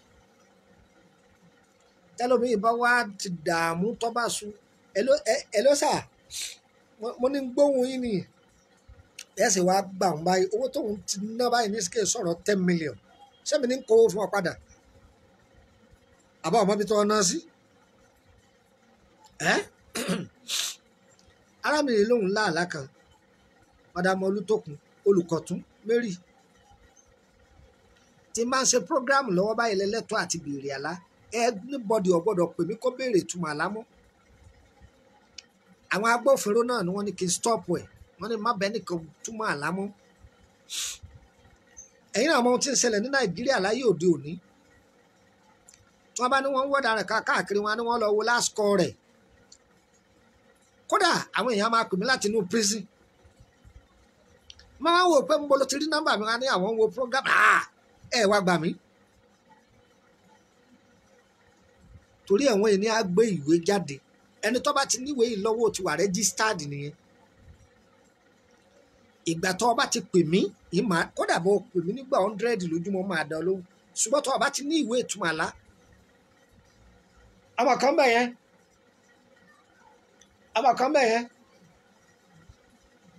tẹlómiì bá wá ti dààmú tó bá su ẹló sà mo ní gbóhùn yín ni ẹsẹ wa gbà ń báyìí owó tóun ti ná báyìí ní sikẹ sọ̀rọ̀ ten million sẹmi ní kó fún ọ padà àbá ọmọ bí tó ọ ná sí ẹ arábìnrin lòun láàlá kan madame olùtòkun olùkọ̀tún mary ti máa ń ṣe program lọ́wọ́ báyìí lẹ́lẹ́tọ́ àti bèrè àlá anybody ò gbọ́dọ̀ pè mí kó béèrè ìtumọ̀ àlá mọ́ àwọn agbófinró ni wọn ní kí n stop ẹ̀ wọ́n ní má bẹ́ẹ̀ nìkan túmọ̀ àlá ẹ̀yin náà mọ ohun tí ń ṣẹlẹ̀ ní nàìjíríà láyé òde òní tí wọ́n bá ní ń wọ́dà rẹ̀ káàkiri wọn ni wọ́n lọ wo last call rẹ̀ kódà àwọn èèyàn máa pè mí láti inú prison pé mi ni àwọn wo program ah! torí àwọn yìí ni á gbé ìwé jáde ẹni tó bá ti níwèé yìí lọ́wọ́ ti wà registered nìyẹn ìgbà tó o bá ti pè mí ìmọ̀ kódà bó o pè mí nígbà hundred lójúmọ́ máa dán lóhùn ṣùgbọ́n tó o bá ti ní ìwé ìtumọ̀ àlá àwọn kan bẹ̀ yẹn àwọn kan bẹ̀ yẹn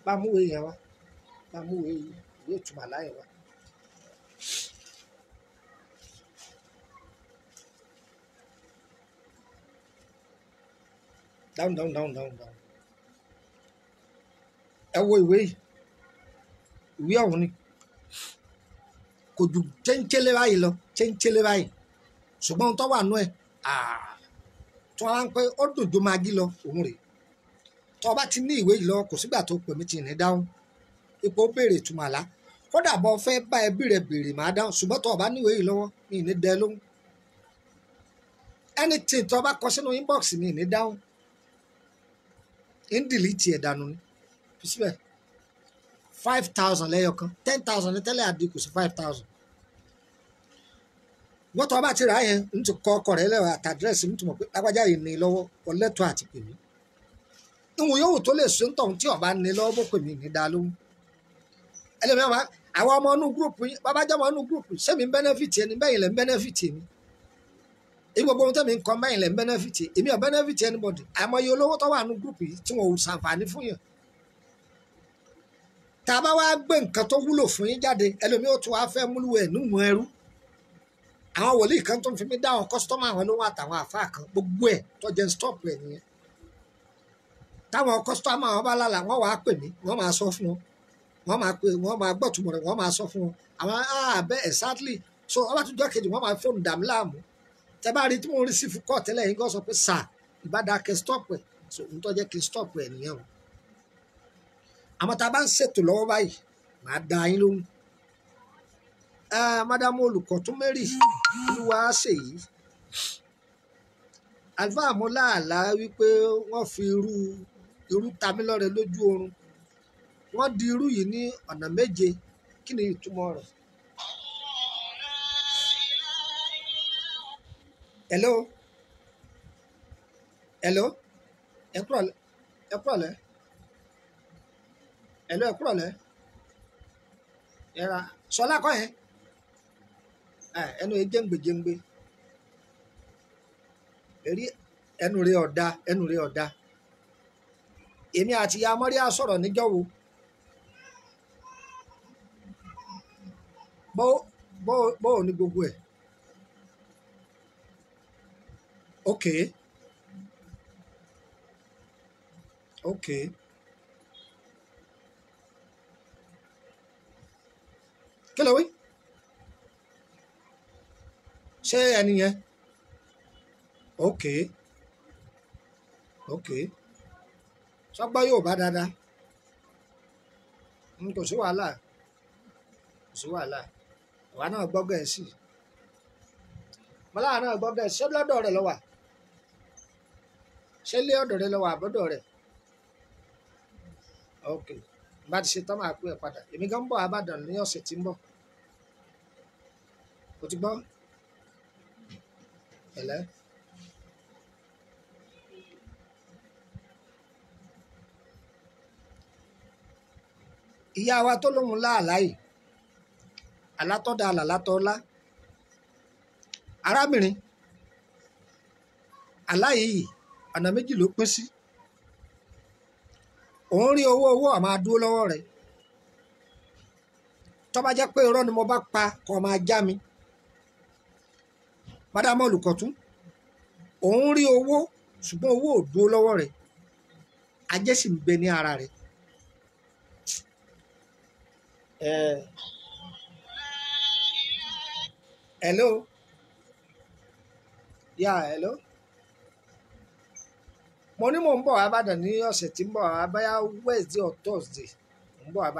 bá mú wèé yẹn wá bá mú wèé ìwé ìtumọ̀ àlá yẹn wá. Down down down down down. ẹ wo ìwé yìí ìwé ọ̀hún ni kò ju chéńchélé báyìí lọ chéńchélé báyìí ṣùgbọ́n ohun tó wà nú ẹ̀ tó wá ń pẹ́ ó dùn ju magi lọ òun rèé tó o bá ti ní ìwé yìí lọ kò sígbà tó pè mí ti ní dáhùn ipò béèrè ìtumọ̀ àlá kódà bọ́ fẹ́ bá ẹbí rẹ̀ béèrè màá dáhùn ṣùgbọ́n tó bá ní ìwé yìí lọ́wọ́ mi ní dẹ lóhùn anything tó bá kọ sínú inbox mi ní dáhùn In delete ẹ̀ dànù ni fi síbẹ̀ five thousand lẹ́yọ̀kan ten thousand ní adi àdínkù five thousand wọ́n tọ́ bá ti rà yẹn ń ti kọ ọkọ̀ rẹ̀ lẹ́wọ̀ àtàdírẹ́sì ń túmọ̀ pé lágbájá yìí ní lọ́wọ́ ọlẹ́tọ̀ àti pèmí ìwọ̀n yòówù tó lè sún tọ̀hún tí ọba ní lọ́wọ́ bó pèmí ní dá lóhùn ẹlẹ́mìíràn àwọn ọmọ inú gúrùpù bàbá jẹ́ ọmọ inú gúrùpù sẹ́mi bẹ́nẹ́fìtì ẹni bẹ́yìn lẹ́ bẹ́nẹ́fìtì mi èmi gbogbo ohun tẹ́mi ń kọ́ mẹ́yìn lẹ̀ ń bẹ́nẹ́fìtì èmi ò bẹ́nẹ́fìtì anybody àìmọye olówó tó wà nínú gúrùpù yìí tí wọn ò ṣàǹfààní fún yàn tá a bá wá gbé nǹkan tó wúlò fún yín jáde ẹlòmíì ó tún wá fẹ́ múlù ẹ̀ nímú ẹrú àwọn wòlíì kan tó ń fi mí dá àwọn kọ́sítọ́mù àwọn olówó àtàwọn àfáà kan gbogbo ẹ̀ tó jẹ́ stop ẹ̀ nìyẹn táwọn kọ́sítọ́mù àwọn bá lálà wọ́n wàá pè mí wọ́n máa sọ fún wọn wọ́n máa pè wọ́n máa gbọ́ tùmọ̀ rẹ̀ wọ́n máa sọ fún wọn ah, tẹ bá rí tí mò ń rí sí fukọ tẹ́lẹ̀ yín gan sọ pé sà ìbádà kẹ stop ẹ so n tó jẹ́ kí n stop ẹ nìyẹn o àmọ́ tá a bá ń ṣètò lọ́wọ́ báyìí màá da yín lóhùn madam olùkọ́ tún mary olúwa ṣèyí alfa amúláàlá wípé wọ́n fi irú irú tamílọ́rẹ̀ lójú oorun wọ́n di irú yìí ní ọ̀nà méje kí ni ìtumọ̀ rẹ̀ hello hello ẹ kúrọ̀lẹ́ ẹ kúrọ̀lẹ́ hello ẹ kúrọ̀lẹ́ ẹ̀ra sọlá kọ́ yẹn ah, ẹnu yẹn jẹ́ngbèjẹ́ngbè èrí ẹnu rẹ ọ̀dà ẹnu rẹ ọ̀dà èmi àti ya mọ́ríà sọ̀rọ̀ níjọ́ wo bó bó bó ní gbogbo ẹ̀. Okay. Okay. Kí ló wí? Ṣé ẹni yẹn? Okay. Okay. Sọ́gbọ́ yóò bá dáadáa. N hmm, kò sí wàhálà. Kò sí wàhálà. Àwa náà gbọ́ Gẹ̀ẹ́sì. Mọ́lá náà gbọ́ Gẹ̀ẹ́sì. Ṣé lọ́dọ̀ rẹ̀ lọ ṣẹlẹ̀ ọ̀dọ̀ rẹ lọ́wọ́ àbọ̀dọ̀ rẹ ok bá ti ṣe tán máa pè ẹ́ padà èmi gan ń bọ̀ abàdàn ní ọ̀sẹ̀ tí ń bọ̀ o ti gbọ́ ẹ̀lẹ́. ìyá wa tó lóun láàlá yìí alátọ́dá arábìnrin aláyìí ọ̀nà méjì ló pín sí òun rí owó owó àmọ́ adúró lọ́wọ́ rẹ̀ tó bá jẹ́ pé irọ́ ni mo bá pa kó máa já mi mádàmú olùkọ́tún òun rí owó ṣùgbọ́n owó ò dúró lọ́wọ́ rẹ̀ ajé sì ń bẹ ní ara rẹ̀ hello yeah hello. mo ní mbọ ń ni ọsẹ ti mbọ abaya ń bọ̀ abáyá wednesday or thursday mò ń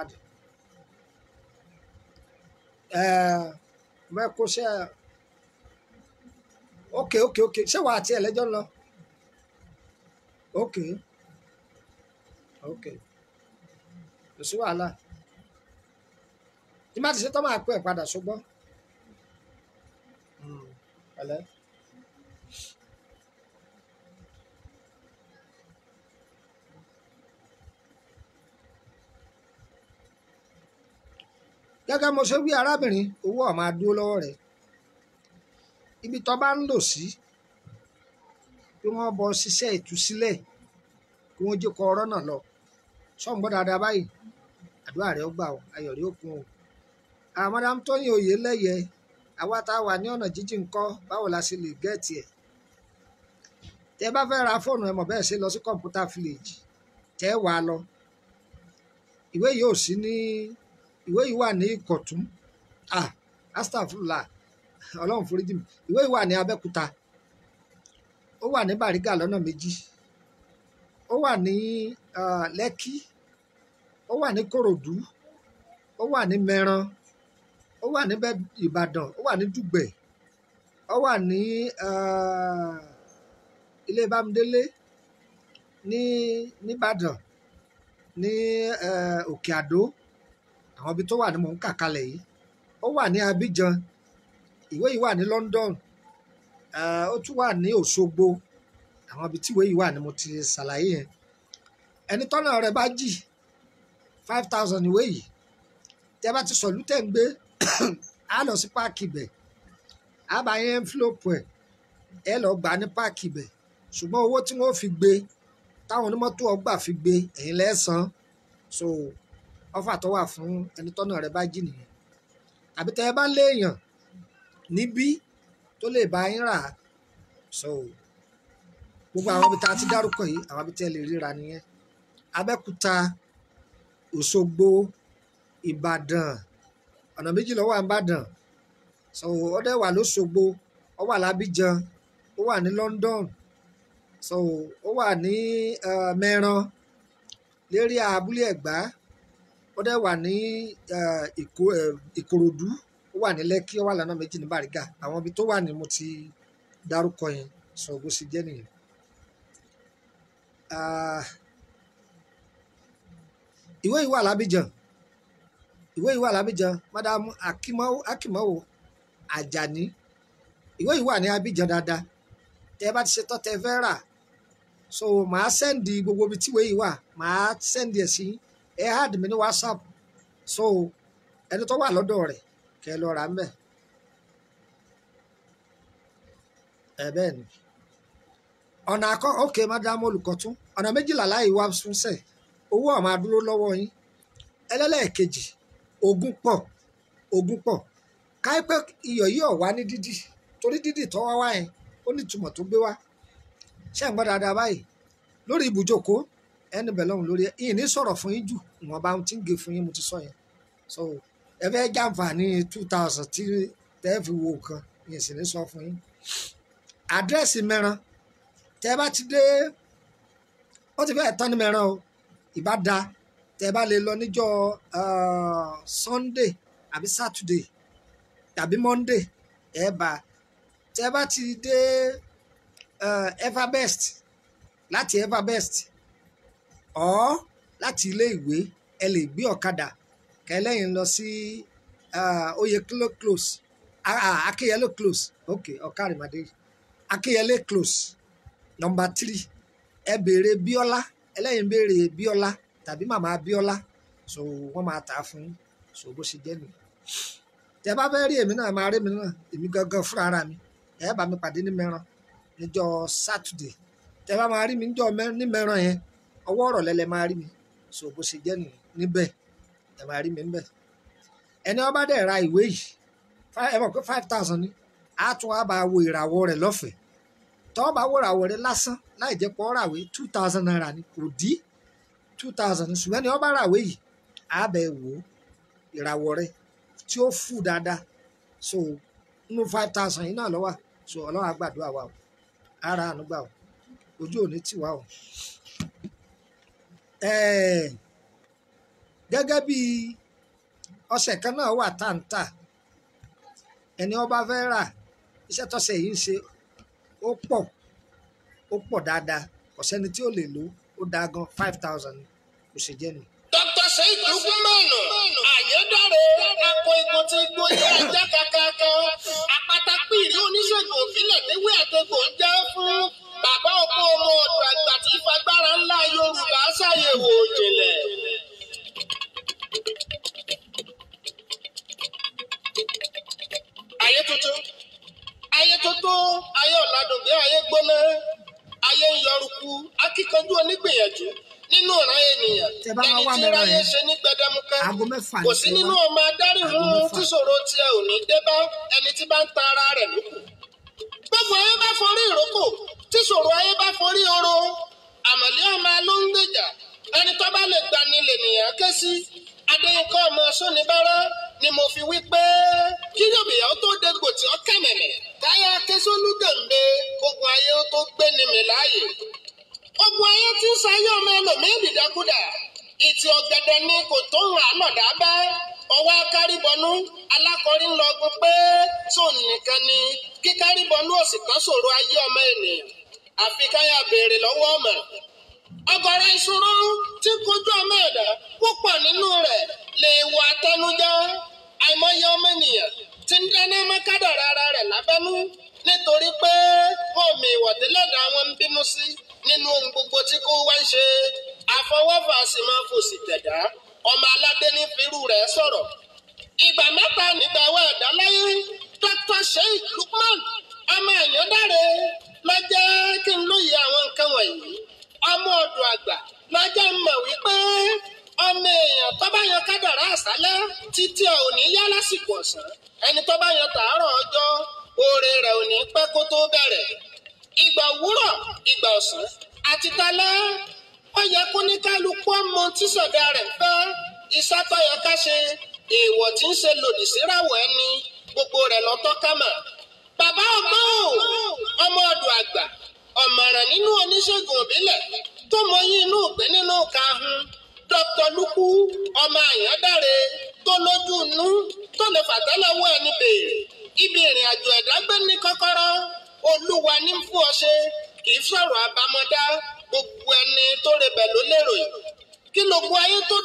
bọ̀ kó ṣe ok ok ok ṣé wàá tiẹ̀ lẹ́jọ́ lọ ok ok kò sí wàhálà tí má ti ṣe tọ́ máa pẹ́ padà ṣùgbọ́n. Hmm, hello. gẹ́gẹ́ mo ṣe wí arábìnrin owó ọ̀ máa dúró lọ́wọ́ rẹ̀ ibi tó bá ń lò sí kí wọ́n bọ ṣiṣẹ́ ìtúsílẹ̀ kí wọ́n jẹ́ kọ ọ̀rọ̀ náà lọ sọ́ǹgbọ́ dáadáa báyìí àdúrà rẹ̀ ó gbà ó ayọ̀ rẹ̀ ó kún o àwọn madam lẹ́yẹ àwa tá wà ní ọ̀nà jíjìn ńkọ́ báwo la ṣe lè bá fẹ́ ra fóònù ẹ mọ̀ bẹ́ẹ̀ ṣe lọ sí kọ̀ǹpútà fìlèjì ìwé yìí wà ní ìkọ̀tún ah astagfirullah ọlọ́run foríjì mi ìwé yìí wà ní abẹ́kúta ó wà ní bàrígà lọ́nà méjì ó wà ní lẹ́kí ó wà ní kòròdú ó wà ní mẹran ó wà ní ìbàdàn ó wà ní dùgbẹ̀ ó wà ní ilé bámidélé ní nìbàdàn ní òkè àdó àwọn ibi tó wà ní mò ń kà kalẹ̀ yìí ó wà ní Abidjan ìwé yìí wà ní London eh, ó tún wà ní Òṣogbo àwọn ibi tí ìwé yìí wà ní mo ti ṣàlàyé yẹn ẹni tọ́nà rẹ̀ bá jì five thousand ìwé yìí tí a bá ti sọ̀lú tẹ̀ ń gbé á lọ sí páàkì ibẹ̀ á bá yẹn envelope ẹ̀ ẹ lọ gbà ní páàkì ibẹ̀ ṣùgbọ́n owó tí wọ́n fi gbé táwọn onímọ́tò ọgbà fi gbé ẹ̀yin lẹ́sàn-án so ọfà tó wà fún ẹni tọ́nà rẹ bá jì nìyẹn àbí tẹ́ ẹ bá léèyàn níbí tó lè bá yín rà so gbogbo àwọn ibi tá a ti dárúkọ yìí àwọn ibi tẹ́ lè ríra nìyẹn Abẹ́òkúta Òṣogbo Ìbàdàn ọ̀nà méjì ló wà so ó dẹ̀ wà l'Óṣogbo ó wà l'Abidjan ó wà ní London so ó wà ní eh, Mẹ́ran lérí abúlé Ẹ̀gbá ó dẹ̀ wà ní Ìkòròdú ó wà ní Lẹ́kí ó wà lọ́nà méjì ní Bàrígà àwọn ibi tó wà ní mo ti dárúkọ yẹn sọ bó ṣe jẹ́ nìyẹn. ìwé yìí wà lábíjàn ìwé yìí wà lábíjàn madam Akímọ́wò Àjàní ìwé yìí wà ní Abíjàn dáadáa tẹ bá ti ṣe tán tẹ fẹ́ rà so màá sẹ́ndì gbogbo ibi tíwèé yìí wà màá sẹ́ndì ẹ̀ sí yín ẹ add mi ní whatsapp so ẹni tó wà lọ́dọ̀ rẹ̀ kẹ́ ẹ lọ rà mẹ́ ẹ bẹ́ẹ̀ ni ọ̀nà akọ́ ok madam olùkọ́tún ọ̀nà méjìlá láì wá súnṣẹ̀ owó ó máa lọ́wọ́ yín ẹlẹ́lẹ́ẹ̀kejì ogún pọ̀ ogún pọ̀ káípẹ́ iyọ̀ yìí ó ní dídì torí dídì wá yẹn ó ẹni bẹ̀ lọ́hùn lórí ẹ̀ ìní sọ̀rọ̀ fún yín jù wọn bá ti ń gé fún yín mo ti sọ yẹn so ẹ fẹ́ jàǹfààní two thousand tí tẹ́ fi wo nǹkan yẹn sì ní sọ fún yín àdírẹ́sì mẹ́ran tẹ́ bá ti dé wọ́n ti fẹ́ tán ní mẹ́ran o ìbá da tẹ́ bá lè lọ níjọ́ ah, Sunday àbí Saturday tàbí Monday ẹ bá tẹ́ bá ti dé eh, Everbest láti Everbest ọ́ láti ilé ìwé ẹ lè gbé ọ̀kadà kẹlẹ́yìn lọ sí ah, oyekilo close ah, ah, akínyẹlé close ok ọ̀kàrìmàdé akínyẹlé close nọmba three ẹ béèrè bíọ́lá ẹlẹ́yìn béèrè bíọ́lá tàbí màmá bíọ́lá so wọ́n máa tà á fún so bó ṣe jẹ́ nìyẹn tẹ bá fẹ́ rí èmi náà máa rí èmi náà èmi gangan fúnra ara mi ẹ bá mi pàdé ní mẹ́ran níjọ́ sátidé tẹ bá máa rí mi níjọ́ ní mẹ́ran yẹn ọwọ́ ìrọ̀lẹ́ lẹ máa rí mi so bó ṣe jẹ́ níbẹ̀ ẹ máa rí mi níbẹ̀ ẹni ó bá dẹ̀ ra ìwé yìí ẹ mọ̀ pé five thousand ni a tún wá bá wo ìràwọ̀ rẹ̀ lọ́fẹ̀ẹ́ tọ́ bá wo ìràwọ̀ rẹ̀ lásán láì jẹ́ pọ́ ràwé two thousand naira ni kò dí two thousand ṣùgbọ́n ẹni ó bá ràwé yìí a bẹ̀ wò ìràwọ̀ rẹ̀ tí ó fù dáadáa so nínú five thousand yìí náà ló so ọlọ́run á gbàdúrà wa o ara àánú gbà o ojú ò tì wá o. Eh, gẹ́gẹ́ bí ọṣẹ kan náà wà tá à ń tà ẹni ó bá fẹ́ rà iṣẹ́ tọ́sẹ̀ yìí ń ṣe ó pọ̀ ó pọ̀ dáadáa ọ̀sẹ́ni tí ó lè lò ó dáa gan five thousand kò sì jẹ́ nù. dr seyid ugbomọ̀nà àyédọ̀rẹ́ akọ igun tí gbóyè ajá kankan àpáta pírí oníṣègùn òfìlẹ̀ níwé àtẹ̀gbọ̀n jẹ́ fún bàbá ọkọ ọmọ ọ̀dọ̀ àgbẹ̀. Yorùbá ṣàyẹ̀wò ìjìnlẹ̀. Ayé tuntun, ayé tuntun, ayé ọ̀làdùn bí ayé gbóná, ayé ń yọrùkú, akíkanjú onígbìyànjú nínú ọ̀ràn ènìyàn lẹ́ni tí ráyé ṣe ní gbẹdẹmukẹ́ kò sí nínú ọmọ adarí hun tí tiẹ̀ ò ní dé ẹni tí bá ń ta ara rẹ̀ lókun. gbogbo ayé bá forí ìrókò tí ayé bá forí oró àmọ̀lé ọmọ alóńgbèjà ẹni tó bá lè gbà ní lènìyàn ké sí adéyínká ọmọ sónibárà ni mo fi wí pé kí yòmìyà ó tó de gòtì ọkẹ mẹmẹ káyà késólúgànde ogun ayé ó tó gbé ni mi láàyè ogun ayé tí ń sayé ọmọ ẹlòmíín dìdàkudà ìtì ọ̀gẹ̀dẹ̀ ni kò tó hàn rà bá ọwọ́ akárìbọnú alákọ̀rí ń lọ́gun pé tóun nìkan ni kíkárìbọnú òsì kan ṣòro ayé ọmọ ènìyàn àfi ya béèrè lọ́wọ́ ọmọ ọ̀gọ̀rọ̀ ìṣòro tí kojú ọmọ ẹ̀dá púpọ̀ nínú rẹ̀ lè wà tẹnujá àìmọye ọmọ ènìyàn ti ń dáná mọ́ ara rẹ̀ lábẹ́nú nítorí pé omi ìwọ̀délẹ́dà wọn ń bínú sí nínú ohun gbogbo tí kò wá ń ṣe àfọwọ́fà sì máa fòsì tẹ̀dá ọmọ aládé ní firú rẹ̀ sọ̀rọ̀ ìgbà Dr. Sheikh Lukman ọmọ má jẹ́ kí n lóye àwọn nǹkan wọ̀nyí ọmọ ọ̀dọ̀ àgbà má jẹ́ n mọ̀ wípé ọmọ èèyàn tó bá yan kádàrá àṣálẹ́ títí ò ní yá lásìkò ọ̀sán ẹni tó bá yan tàárọ̀ ọjọ́ oore rẹ̀ ò ní pẹ́ kó tó bẹ̀rẹ̀ ìgbà òwúrọ̀ ìgbà ọ̀sán àti talẹ́ ó yẹ kó ní kálukú ọmọ tí rẹ̀ fẹ́ iṣẹ́ ṣe èèwọ̀ tí ń ṣe lòdì síráwọ̀ ẹni gbogbo rẹ̀ lọ́tọ́ ká bàbá ọgbọ́n ọmọ ọdún àgbà ọmọràn nínú oníṣègùn òbílẹ̀ tó mọyì inú nínú kahun dr lukú ọmọ àyàndáre tó lójú inú tó lè ẹni bèèrè ibi ìrìn àjò ẹ̀dá gbé ní kọkọrọ olúwa ní fún gbogbo ẹni tó ló lérò yìí kí ayé tó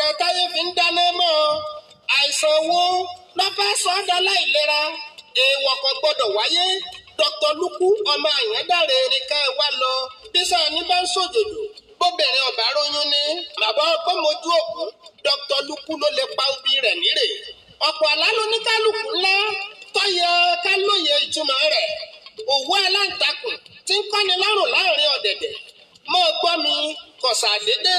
rẹ táyé fi ń dáná àìsàn lọ́fẹ́ sọ́dọ̀lá ìlera èèwọ̀ kan gbọ́dọ̀ wáyé dr lukú ọmọ àyàndáre erika ẹ wá lọ bísà ní bá ń sòjòjò bóbìnrin ọba ronyún ni bàbá ọkọ dr lukú ló lè pa obì rẹ nírè ọ̀pọ̀ ní ńlá tọ́yẹ ká ìtumọ̀ rẹ̀ òwú aláǹtakùn máa gbọ́ mi kọ̀ ṣàdédé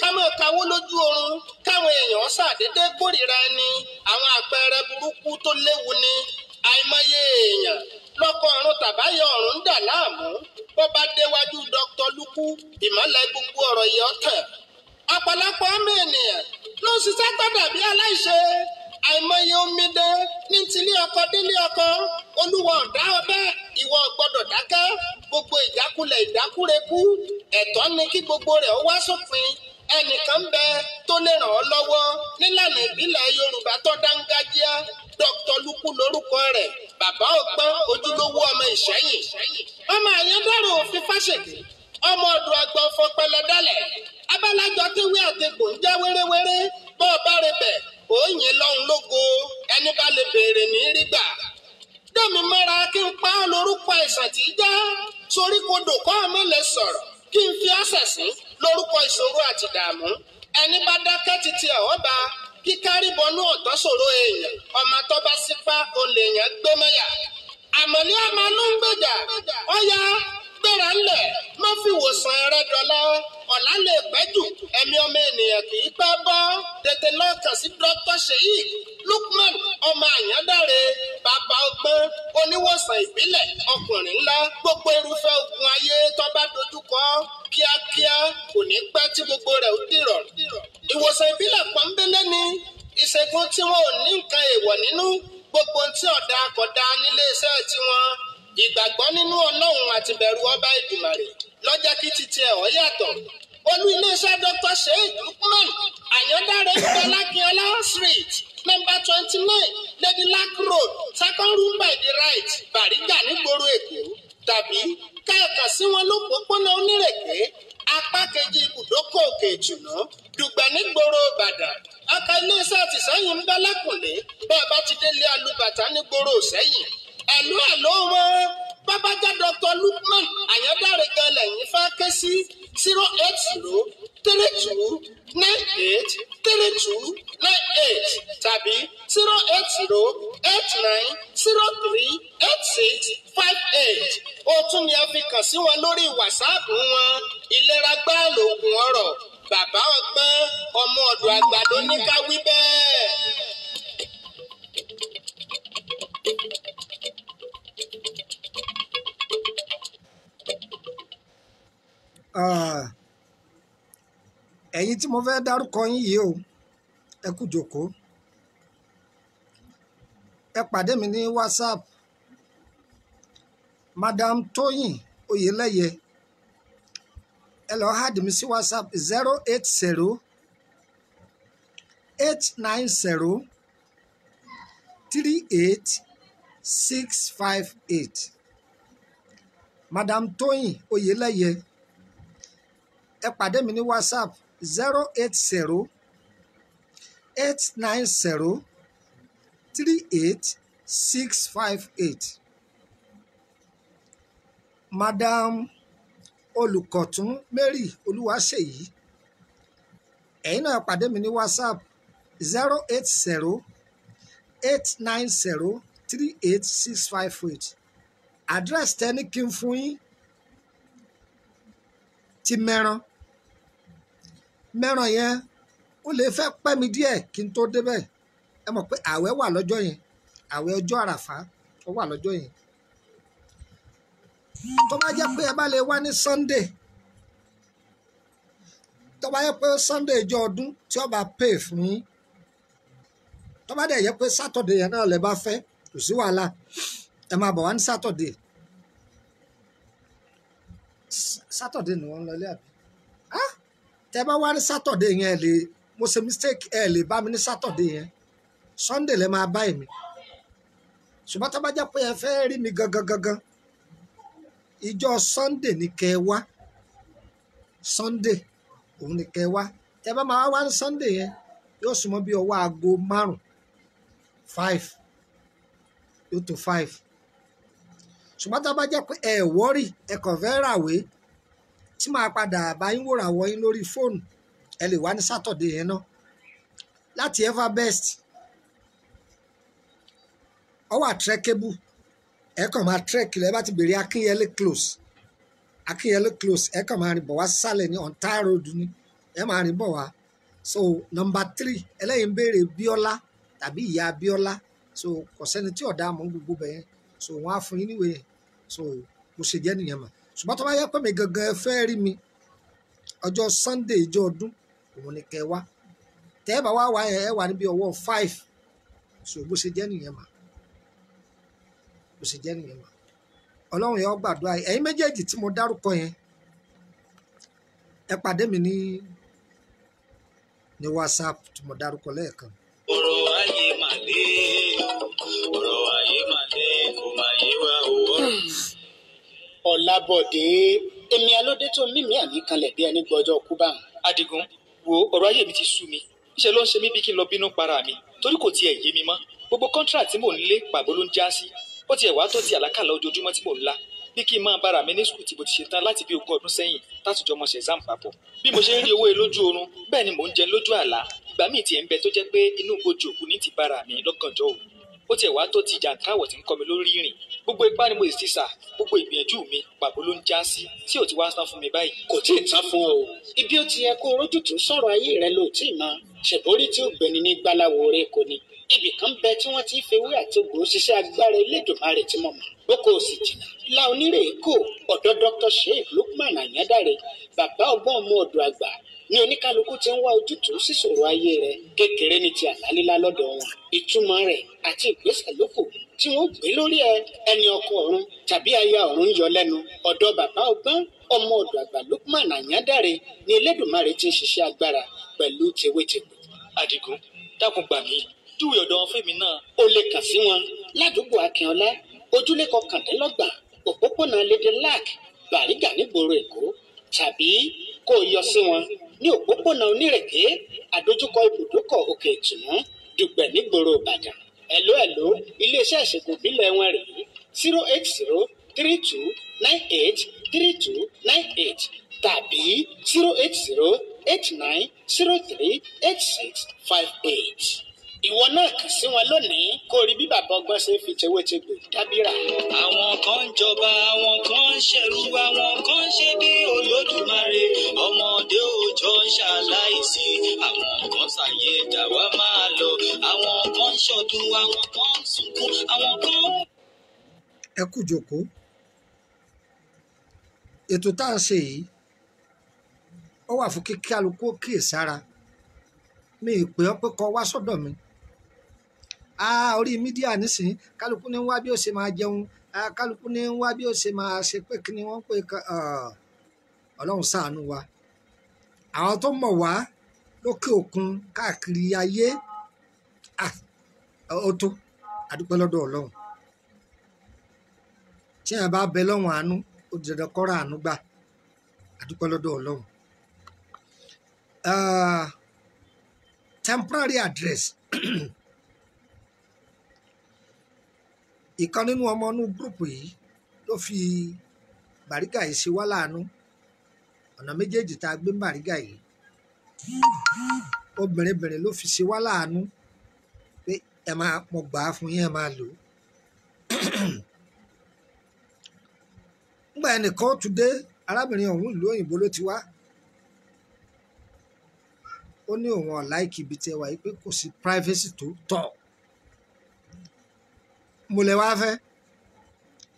ká máa kawó lójú oorun káwọn èèyàn ṣàdédé kórìíra ẹni àwọn àpẹẹrẹ burúkú tó léwu ni àìmọye èèyàn lọ́kọ̀ ọ̀run tàbáyọ ọ̀run ń dà láàmú bó bá déwájú Dr. Lukú ìmọ̀lẹ̀ gbogbo ọ̀rọ̀ yìí ọ̀tẹ̀ ọ̀pọ̀lọpọ̀ ọmọ ènìyàn ló ń ṣiṣẹ́ gbọ́dọ̀ bí aláìṣe àìmọye omidé ní tilé ọkọ délé ọkọ olúwa ọ̀dá ọbẹ̀ ìwọ gbọ́dọ̀ dákẹ́ gbogbo ìdákulẹ̀ ìdákúrekú ẹ̀tọ́ ni kí gbogbo rẹ̀ ó wá sófin ẹnìkan bẹ tó lè ràn ọ́ lọ́wọ́ nílànà ìbílẹ̀ yorùbá tó dángájíá dr lukú lórúkọ rẹ̀ bàbá ọgbọ́n ojúlówó ọmọ ìṣẹ́yìn ọmọ àyẹ̀dọ́rọ̀ òfin fásitì ọmọ ọdún àgbà ọ̀fọ̀ pẹlẹdálẹ̀ abálájọ tewé àtegbò ń já wéréwéré bọ́ọ̀ bá rebẹ̀ òòyìn lọ́hún lógo ẹni bá lè béèrè ní rígbà dẹ́mi mọ́ra kí n pa á lórúkọ àìsàn tí í já sórí kodò kọ́ àmì lè sọ̀rọ̀ kí n fi ọ̀sẹ̀ sí lórúkọ ìṣòro àti dààmú ẹni bá dákẹ́ títí ẹ̀họ́ bá kíkárí bọnú ọ̀tọ́ ṣòro èèyàn ọmọ tó bá sípá olè yẹn gbé mẹ́yà àmọ̀lé ọmọ ló ń gbèjà ọ̀ya gbéra ńlẹ̀ má fi wòsàn rẹ dọ́lá ọ̀la lè pẹ́ jù ẹ̀mí ọmọ ènìyàn kì í pẹ́ bọ́ tètè lọ kàn sí dókítà sheik lukman ọmọ àyàndáre bàbá ọgbọ́n oníwòsàn ìbílẹ̀ ọkùnrin ńlá gbogbo irúfẹ́ ogun ayé tó bá dojúkọ kíákíá kò ní pẹ́ tí gbogbo rẹ̀ ó dìrọ̀ ìwòsàn ìbílẹ̀ pọ́nbélé ni ìṣègùn tí wọn ò ní nǹkan èèwọ̀ nínú gbogbo tí ọ̀dà kọ̀dà níléeṣẹ́ tiwọn ìgbàgbọ́ nínú ọlọ́run àtìbẹ̀rù ọba ìdùmarè lọ́jọ́ kí titi ẹ̀ ọ́ yàtọ̀ olú iléeṣẹ́ dr sheik lukman ayọ̀dáre gbọ́lákínọlá street number twenty nine lady lac road second room by the right bàrígà nígboro èkó tàbí kẹ́ẹ̀kan sí wọn lópópónà onírèké apá kejì ibùdókọ̀ òkè ìtùnú dùgbà nígboro ìbàdàn ọkọ̀ iléeṣẹ́ àtìsẹ́yìn ń bá lẹ́kùnlé bẹ́ẹ̀ bá ti délé alùbàtà nígboro ìsẹ́yìn ẹ̀lú àlọ́ wọn bábájá Dr. Lukman Ayọ̀dáre gan lẹ́yìn fẹ́ ké sí zero eight zero three two nine eight three two nine eight tàbí zero eight zero eight nine zero three eight six five eight ó tún ni ẹ fi kàn sí wọn lórí wàsáàpù wọn ìlera gbáà lóògùn ọrọ̀ bàbá ọgbọ́n ọmọ ọ̀dọ̀ àgbà ló ní ká wí bẹ́ẹ̀. Ah, ẹ̀yin tí mo fẹ́ dárúkọ yín yìí o ẹ kú jòkó ẹ pàdé mi ní whatsapp madam tóyìn oyeleye ẹ lọ háàdì mi sí whatsapp zero eight zero eight nine zero three eight six five eight madam tóyìn oyeleye ẹ pàdé mi ní whatsapp zero eight zero eight nine zero three eight six five eight madam olùkọ̀tún mary olúwaṣèyí ẹ̀yin náà pàdé mi ní whatsapp zero eight zero eight nine zero three eight six five eight address tẹ́ ní kí n fún yín ti mẹ́ràn mẹ́ràn yẹn ó lè fẹ́ pẹ́ mi díẹ̀ kí n tó débẹ̀ ẹ mọ̀ pé ààwẹ̀ wà lọ́jọ́ yẹn ààwẹ̀ ọjọ́ àràfá ó wà lọ́jọ́ yẹn tó bá jẹ́ pé ẹ bá lè wá ní Sunday tó bá yẹ pé Sunday jọ ọdún tí ó pè fún yín tó bá dẹ̀ yẹ pé Saturday yẹn náà lè bá fẹ́ kò sí wàhálà ẹ máa bọ̀ wá ní Saturday Saturday ni wọ́n lọ ilé àbí tẹ bá wá ní sátọ̀dé yẹn lè mo ṣe mistake ẹ lè bá mi ní sátọ̀dé yẹn sunday lè máa bá èmi ṣùgbọ́n tó bá jẹ́ pé ẹ fẹ́ rí mi gangan gangan ìjọ sunday ni kẹ́ ẹ wá sunday òun ni kẹ́ ẹ wá tẹ bá máa wá ní sunday yẹn yóò súnmọ́ bí ọwọ́ aago márùn five yóò tó five ṣùgbọ́n tó bá jẹ́ pé ẹ wọ́rì ẹ kàn fẹ́ ràwé tí màá padà bá yín wòràn wọ yín lórí fóònù ẹ lè wá ní sátọ̀dé yẹn náà láti everbest ọ wà trekable ẹ kàn máa trek lẹ bá ti bèrè akínyẹlé close akínyẹlé close ẹ kàn máa rìn bọ̀ wá sálẹ̀ ní ontario road ni ẹ máa rìn bọ̀ wá so number three ẹlẹ́yin béèrè bíọ́lá tàbí ìyá bíọ́lá so kò sẹ́ni tí ọ̀dà mọ̀ gbogbo bẹ̀yẹn so wọ́n á fún yín níwèé so mo ṣe jẹ́ nìyẹn mà ṣùgbọ́n tó bá yẹ pé mi gangan ẹ fẹ́ rí mi ọjọ́ sunday ìjọ ọdún òun ni kẹ wá tẹ́ ẹ bá wá wá ẹ wà níbi ọwọ́ five so bó ṣe jẹ́ nìyẹn mà bó ṣe jẹ́ nìyẹn mà ọlọ́run yẹn ó gbàdúrà ẹ̀yin méjèèjì tí mo dárúkọ yẹn ẹ pàdé mi ní ní whatsapp tí mo dárúkọ lẹ́ẹ̀kan. ọ̀rọ̀ ayé màdé ọ̀rọ̀ ayé màdé kò máa yé wa òwò ọlábọ̀dé èmi alóde tó mímí àmì kanlẹ̀ bí ẹni gbọ́jọ́ kú bá wọn. adigun wo ọ̀rọ̀ ayé mi ti sú mi níṣẹ́ ló ń ṣe mí bí kí n lọ bínú para mi torí kò tiẹ̀ yé mi mọ́ gbogbo kọ́ńtrátì mò ń lé pàbó ló ń já sí ó tiẹ̀ wá tó ti àlákàlà ojoojúmọ́ tí mò ń la bí kí n máa bára mi ní sùkúù tí mo ti ṣe tán láti bí ogún ọdún sẹ́yìn látijọ́ mo ṣe exam papọ̀ bí mo ṣe ń rí owó lójú oorun bẹ́ẹ̀ ni mò ń jẹ lójú àlá ìgbà míì tiẹ̀ ń bẹ tó jẹ́ pé inú gbòjò òkú ní ti bára mi lọ́gànjọ́ òru ó tiẹ̀ wá tó ti jàǹkáwọ̀ tí ń kọ́ mi lórí ìrìn gbogbo ipá ni mo sì ti sà gbogbo ìgbìyànjú mi pàbó ló ń já sí tí ò ti wá san fún mi báyìí. kò tí ì tán fún ọ. ibi ó ti yẹ kó rójútù sọ̀rọ̀ ayé rẹ ló tí ì ṣèbórí tí ò gbẹni ní gbáláwo rẹ kò ní. ibì kan bẹ tí wọ́n ti ń fewé àti ògbó ṣiṣẹ́ agbára Elédùmarè tí mo mọ̀ boko sì jìnnà ilá onírèé kò ọ̀dọ̀ Dr. Sheikh Lukman Anyadare bàbá ọgbọ́n ọmọ ọ̀dọ̀ àgbà ní oníkálukú ti ń wá ojútùú síṣòro ayé rẹ̀ kékeré ní ti àlálílá lọ́dọ̀ wọn ìtumọ̀ rẹ̀ àti ìgbésẹ̀ lóko tí wọ́n gbé lórí ẹ ẹni ọkọ ọ̀run tàbí aya ọ̀run ń yọ lẹ́nu ọ̀dọ̀ bàbá ọgbọ́n ọmọ ọ̀dọ̀ àgbà Lukman Àyándàre ni Elédùmarè ti ń ṣiṣẹ́ agbára pẹ̀lú tewétegbò. Àdìgún dákun gbà mí júwe ọ̀dọ̀ fèmí náà. o lè kàn sí wọn ládùúgbò Akínọlá ojúlé kọkàndínlọ́gbà òpópónà lédè lac bàrígà nígboro Èkó tàbí kó o yọ sí wọn ní òpópónà onírèké àdójúkọ ibùdókọ̀ òkè ìtùnú dùgbẹ̀ nígboro ìbàdàn ẹ̀ló ẹ̀ló iléeṣẹ́ ìṣègùn ìbílẹ̀ wọn rèé zero eight zero three two nine eight three two nine eight tàbí zero eight zero eight nine zero three eight six five eight ìwọ náà kàn sí wọn lónìí kó rí bí bàbá ọgbọ́n ṣe fi tewétegbè dábìrà. àwọn kan ń jọba àwọn kan ń ṣẹ̀rù àwọn kan ń ṣe bí olódùmarè ọmọdé òòjọ́ ń ṣàláìsí àwọn kan ṣàyẹ̀ dà máa lọ àwọn kan ń ṣọdún àwọn kan ń sunkún àwọn kan. ẹ kú jókòó ètò tá à ṣe yìí ó wà fún kíkálukú kíyèsára mi ìpè ọ́ pé kó wá sọ́dọ̀ mi. So orí mídíà nísìnyí kálukú ní ń wá bí ó ṣe máa jẹun kálukú ní ń wá bí ó ṣe máa ṣe pé kí ni wọ́n pè ọlọ́run ṣàánú wa àwọn tó mọ̀ wá lókè òkun káàkiri ayé ó tó àdúpẹ́ lọ́dọ̀ ọlọ́run tí a bá bẹ lọ́wọ́n àánú ó di kọ́ra àánú gbà àdúpẹ́ lọ́dọ̀ ọlọ́run temporary address ìkan nínú ọmọ inú gúrùpù yìí ló fi bàrígà yìí ṣe wá láàánú ọ̀nà méjèèjì tá a gbé bàrígà yìí obìnrin bìnrin ló fi ṣe wá láàánú pé ẹ máa mo gbà á fún yín ẹ máa lò ó nígbà ẹnìkan tún dé arábìnrin ọ̀hún ìlú òyìnbó ló ti wá ó ní òun ọ̀la ìkìbìtì ẹwà yìí pé kò sí privacy tó tọ́ mo lẹ wá fẹ́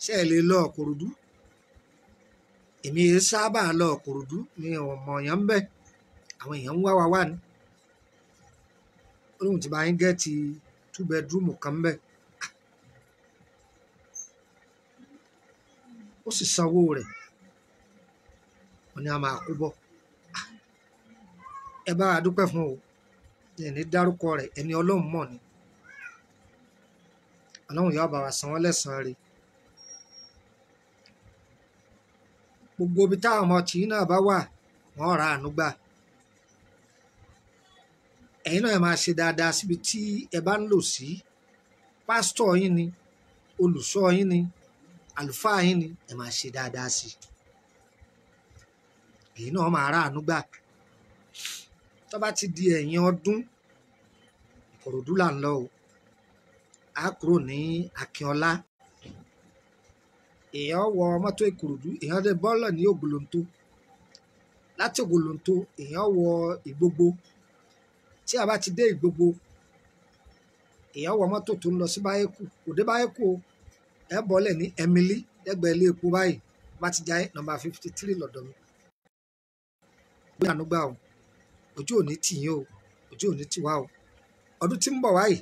ṣe lè lọ èmi sábà lọ Ìkòròdú ni ọmọ èèyàn ń àwọn èèyàn ń ní olóhùn ti bá yín two bedroom kan bẹ́ẹ̀ ó sì sanwó rẹ̀ wọ́n ní a máa bọ̀ ẹ bá dúpẹ́ fún o ẹni dárúkọ rẹ̀ ẹni ọlọ́run mọ̀ ni. ọlọ́run yóò bá wa san wọ́n lẹ́sàn-án rẹ̀ gbogbo ibi táwọn ọmọ tìyí náà bá wà wọ́n ra àánú gbà ẹ̀yin náà ẹ máa ṣe dáadáa síbi tí ẹ bá ń lò sí pásítọ̀ yín ni olùṣọ́ yín ni àlùfáà yín ni ẹ máa ṣe dáadáa sí ẹ̀yin náà máa ra àánú gbà tó bá ti di ẹ̀yìn ọdún Ìkòròdú là ń lọ o á kúrò ní Akínọlá èèyàn wọ mọ́tò Ìkòròdú èèyàn dé bọ́ọ̀lọ̀ ní Ògòlóńtó láti Ògòlóńtó èèyàn wọ Ìgbogbo tí a bá ti dé Ìgbogbo èèyàn wọ mọ́tò tó ń lọ sí Báyẹ̀kù kò dé Báyẹ̀kù o ẹ bọ́ọ̀lẹ̀ ní Emily lẹ́gbẹ̀ẹ́ ilé epo báyìí bá ti jáyé nọ́mbà fifty three lọ́dọ̀ mi gbé ànúgbà o ojú ò ní tì yín o ojú ò ní tì wá o ọdún tí ń bọ̀ wáyìí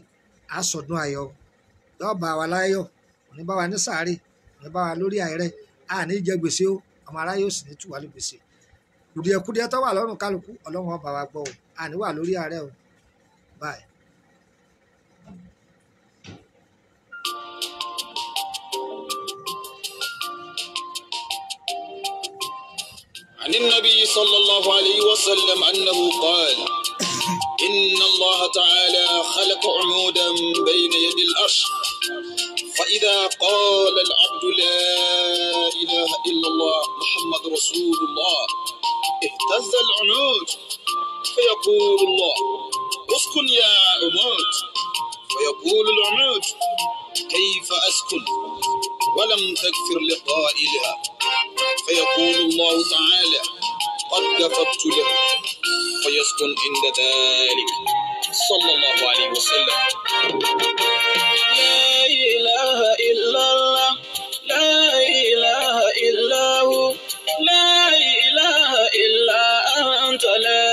àá sọdún ayọ̀ yóò bá wa láyọ̀ kò ní bá wa ní sàárè kò ní bá wa lórí àìrẹ́ a ní jẹ gbèsè o ọmọ aráyé ò sì ní tùwálé gbèsè kùdìẹ̀kùdìẹ̀ tó wà lọ́rùn kálukú ọlọ́run ọba wa gbọ́ o a ní wà lórí àárẹ̀ o báyìí. عن النبي صلى الله عليه وسلم أنه قال إن الله تعالى خلق عمودا بين يدي الأرش فإذا قال العبد لا إله إلا الله محمد رسول الله اهتز العنود فيقول الله اسكن يا عمود فيقول العمود كيف أسكن ولم تكفر لقائلها فيقول الله تعالى قد كفرت له فيسكن عند ذلك sallallahu alayhi wa sallam. La ilaha illallah, la ilaha illahu, la ilaha illa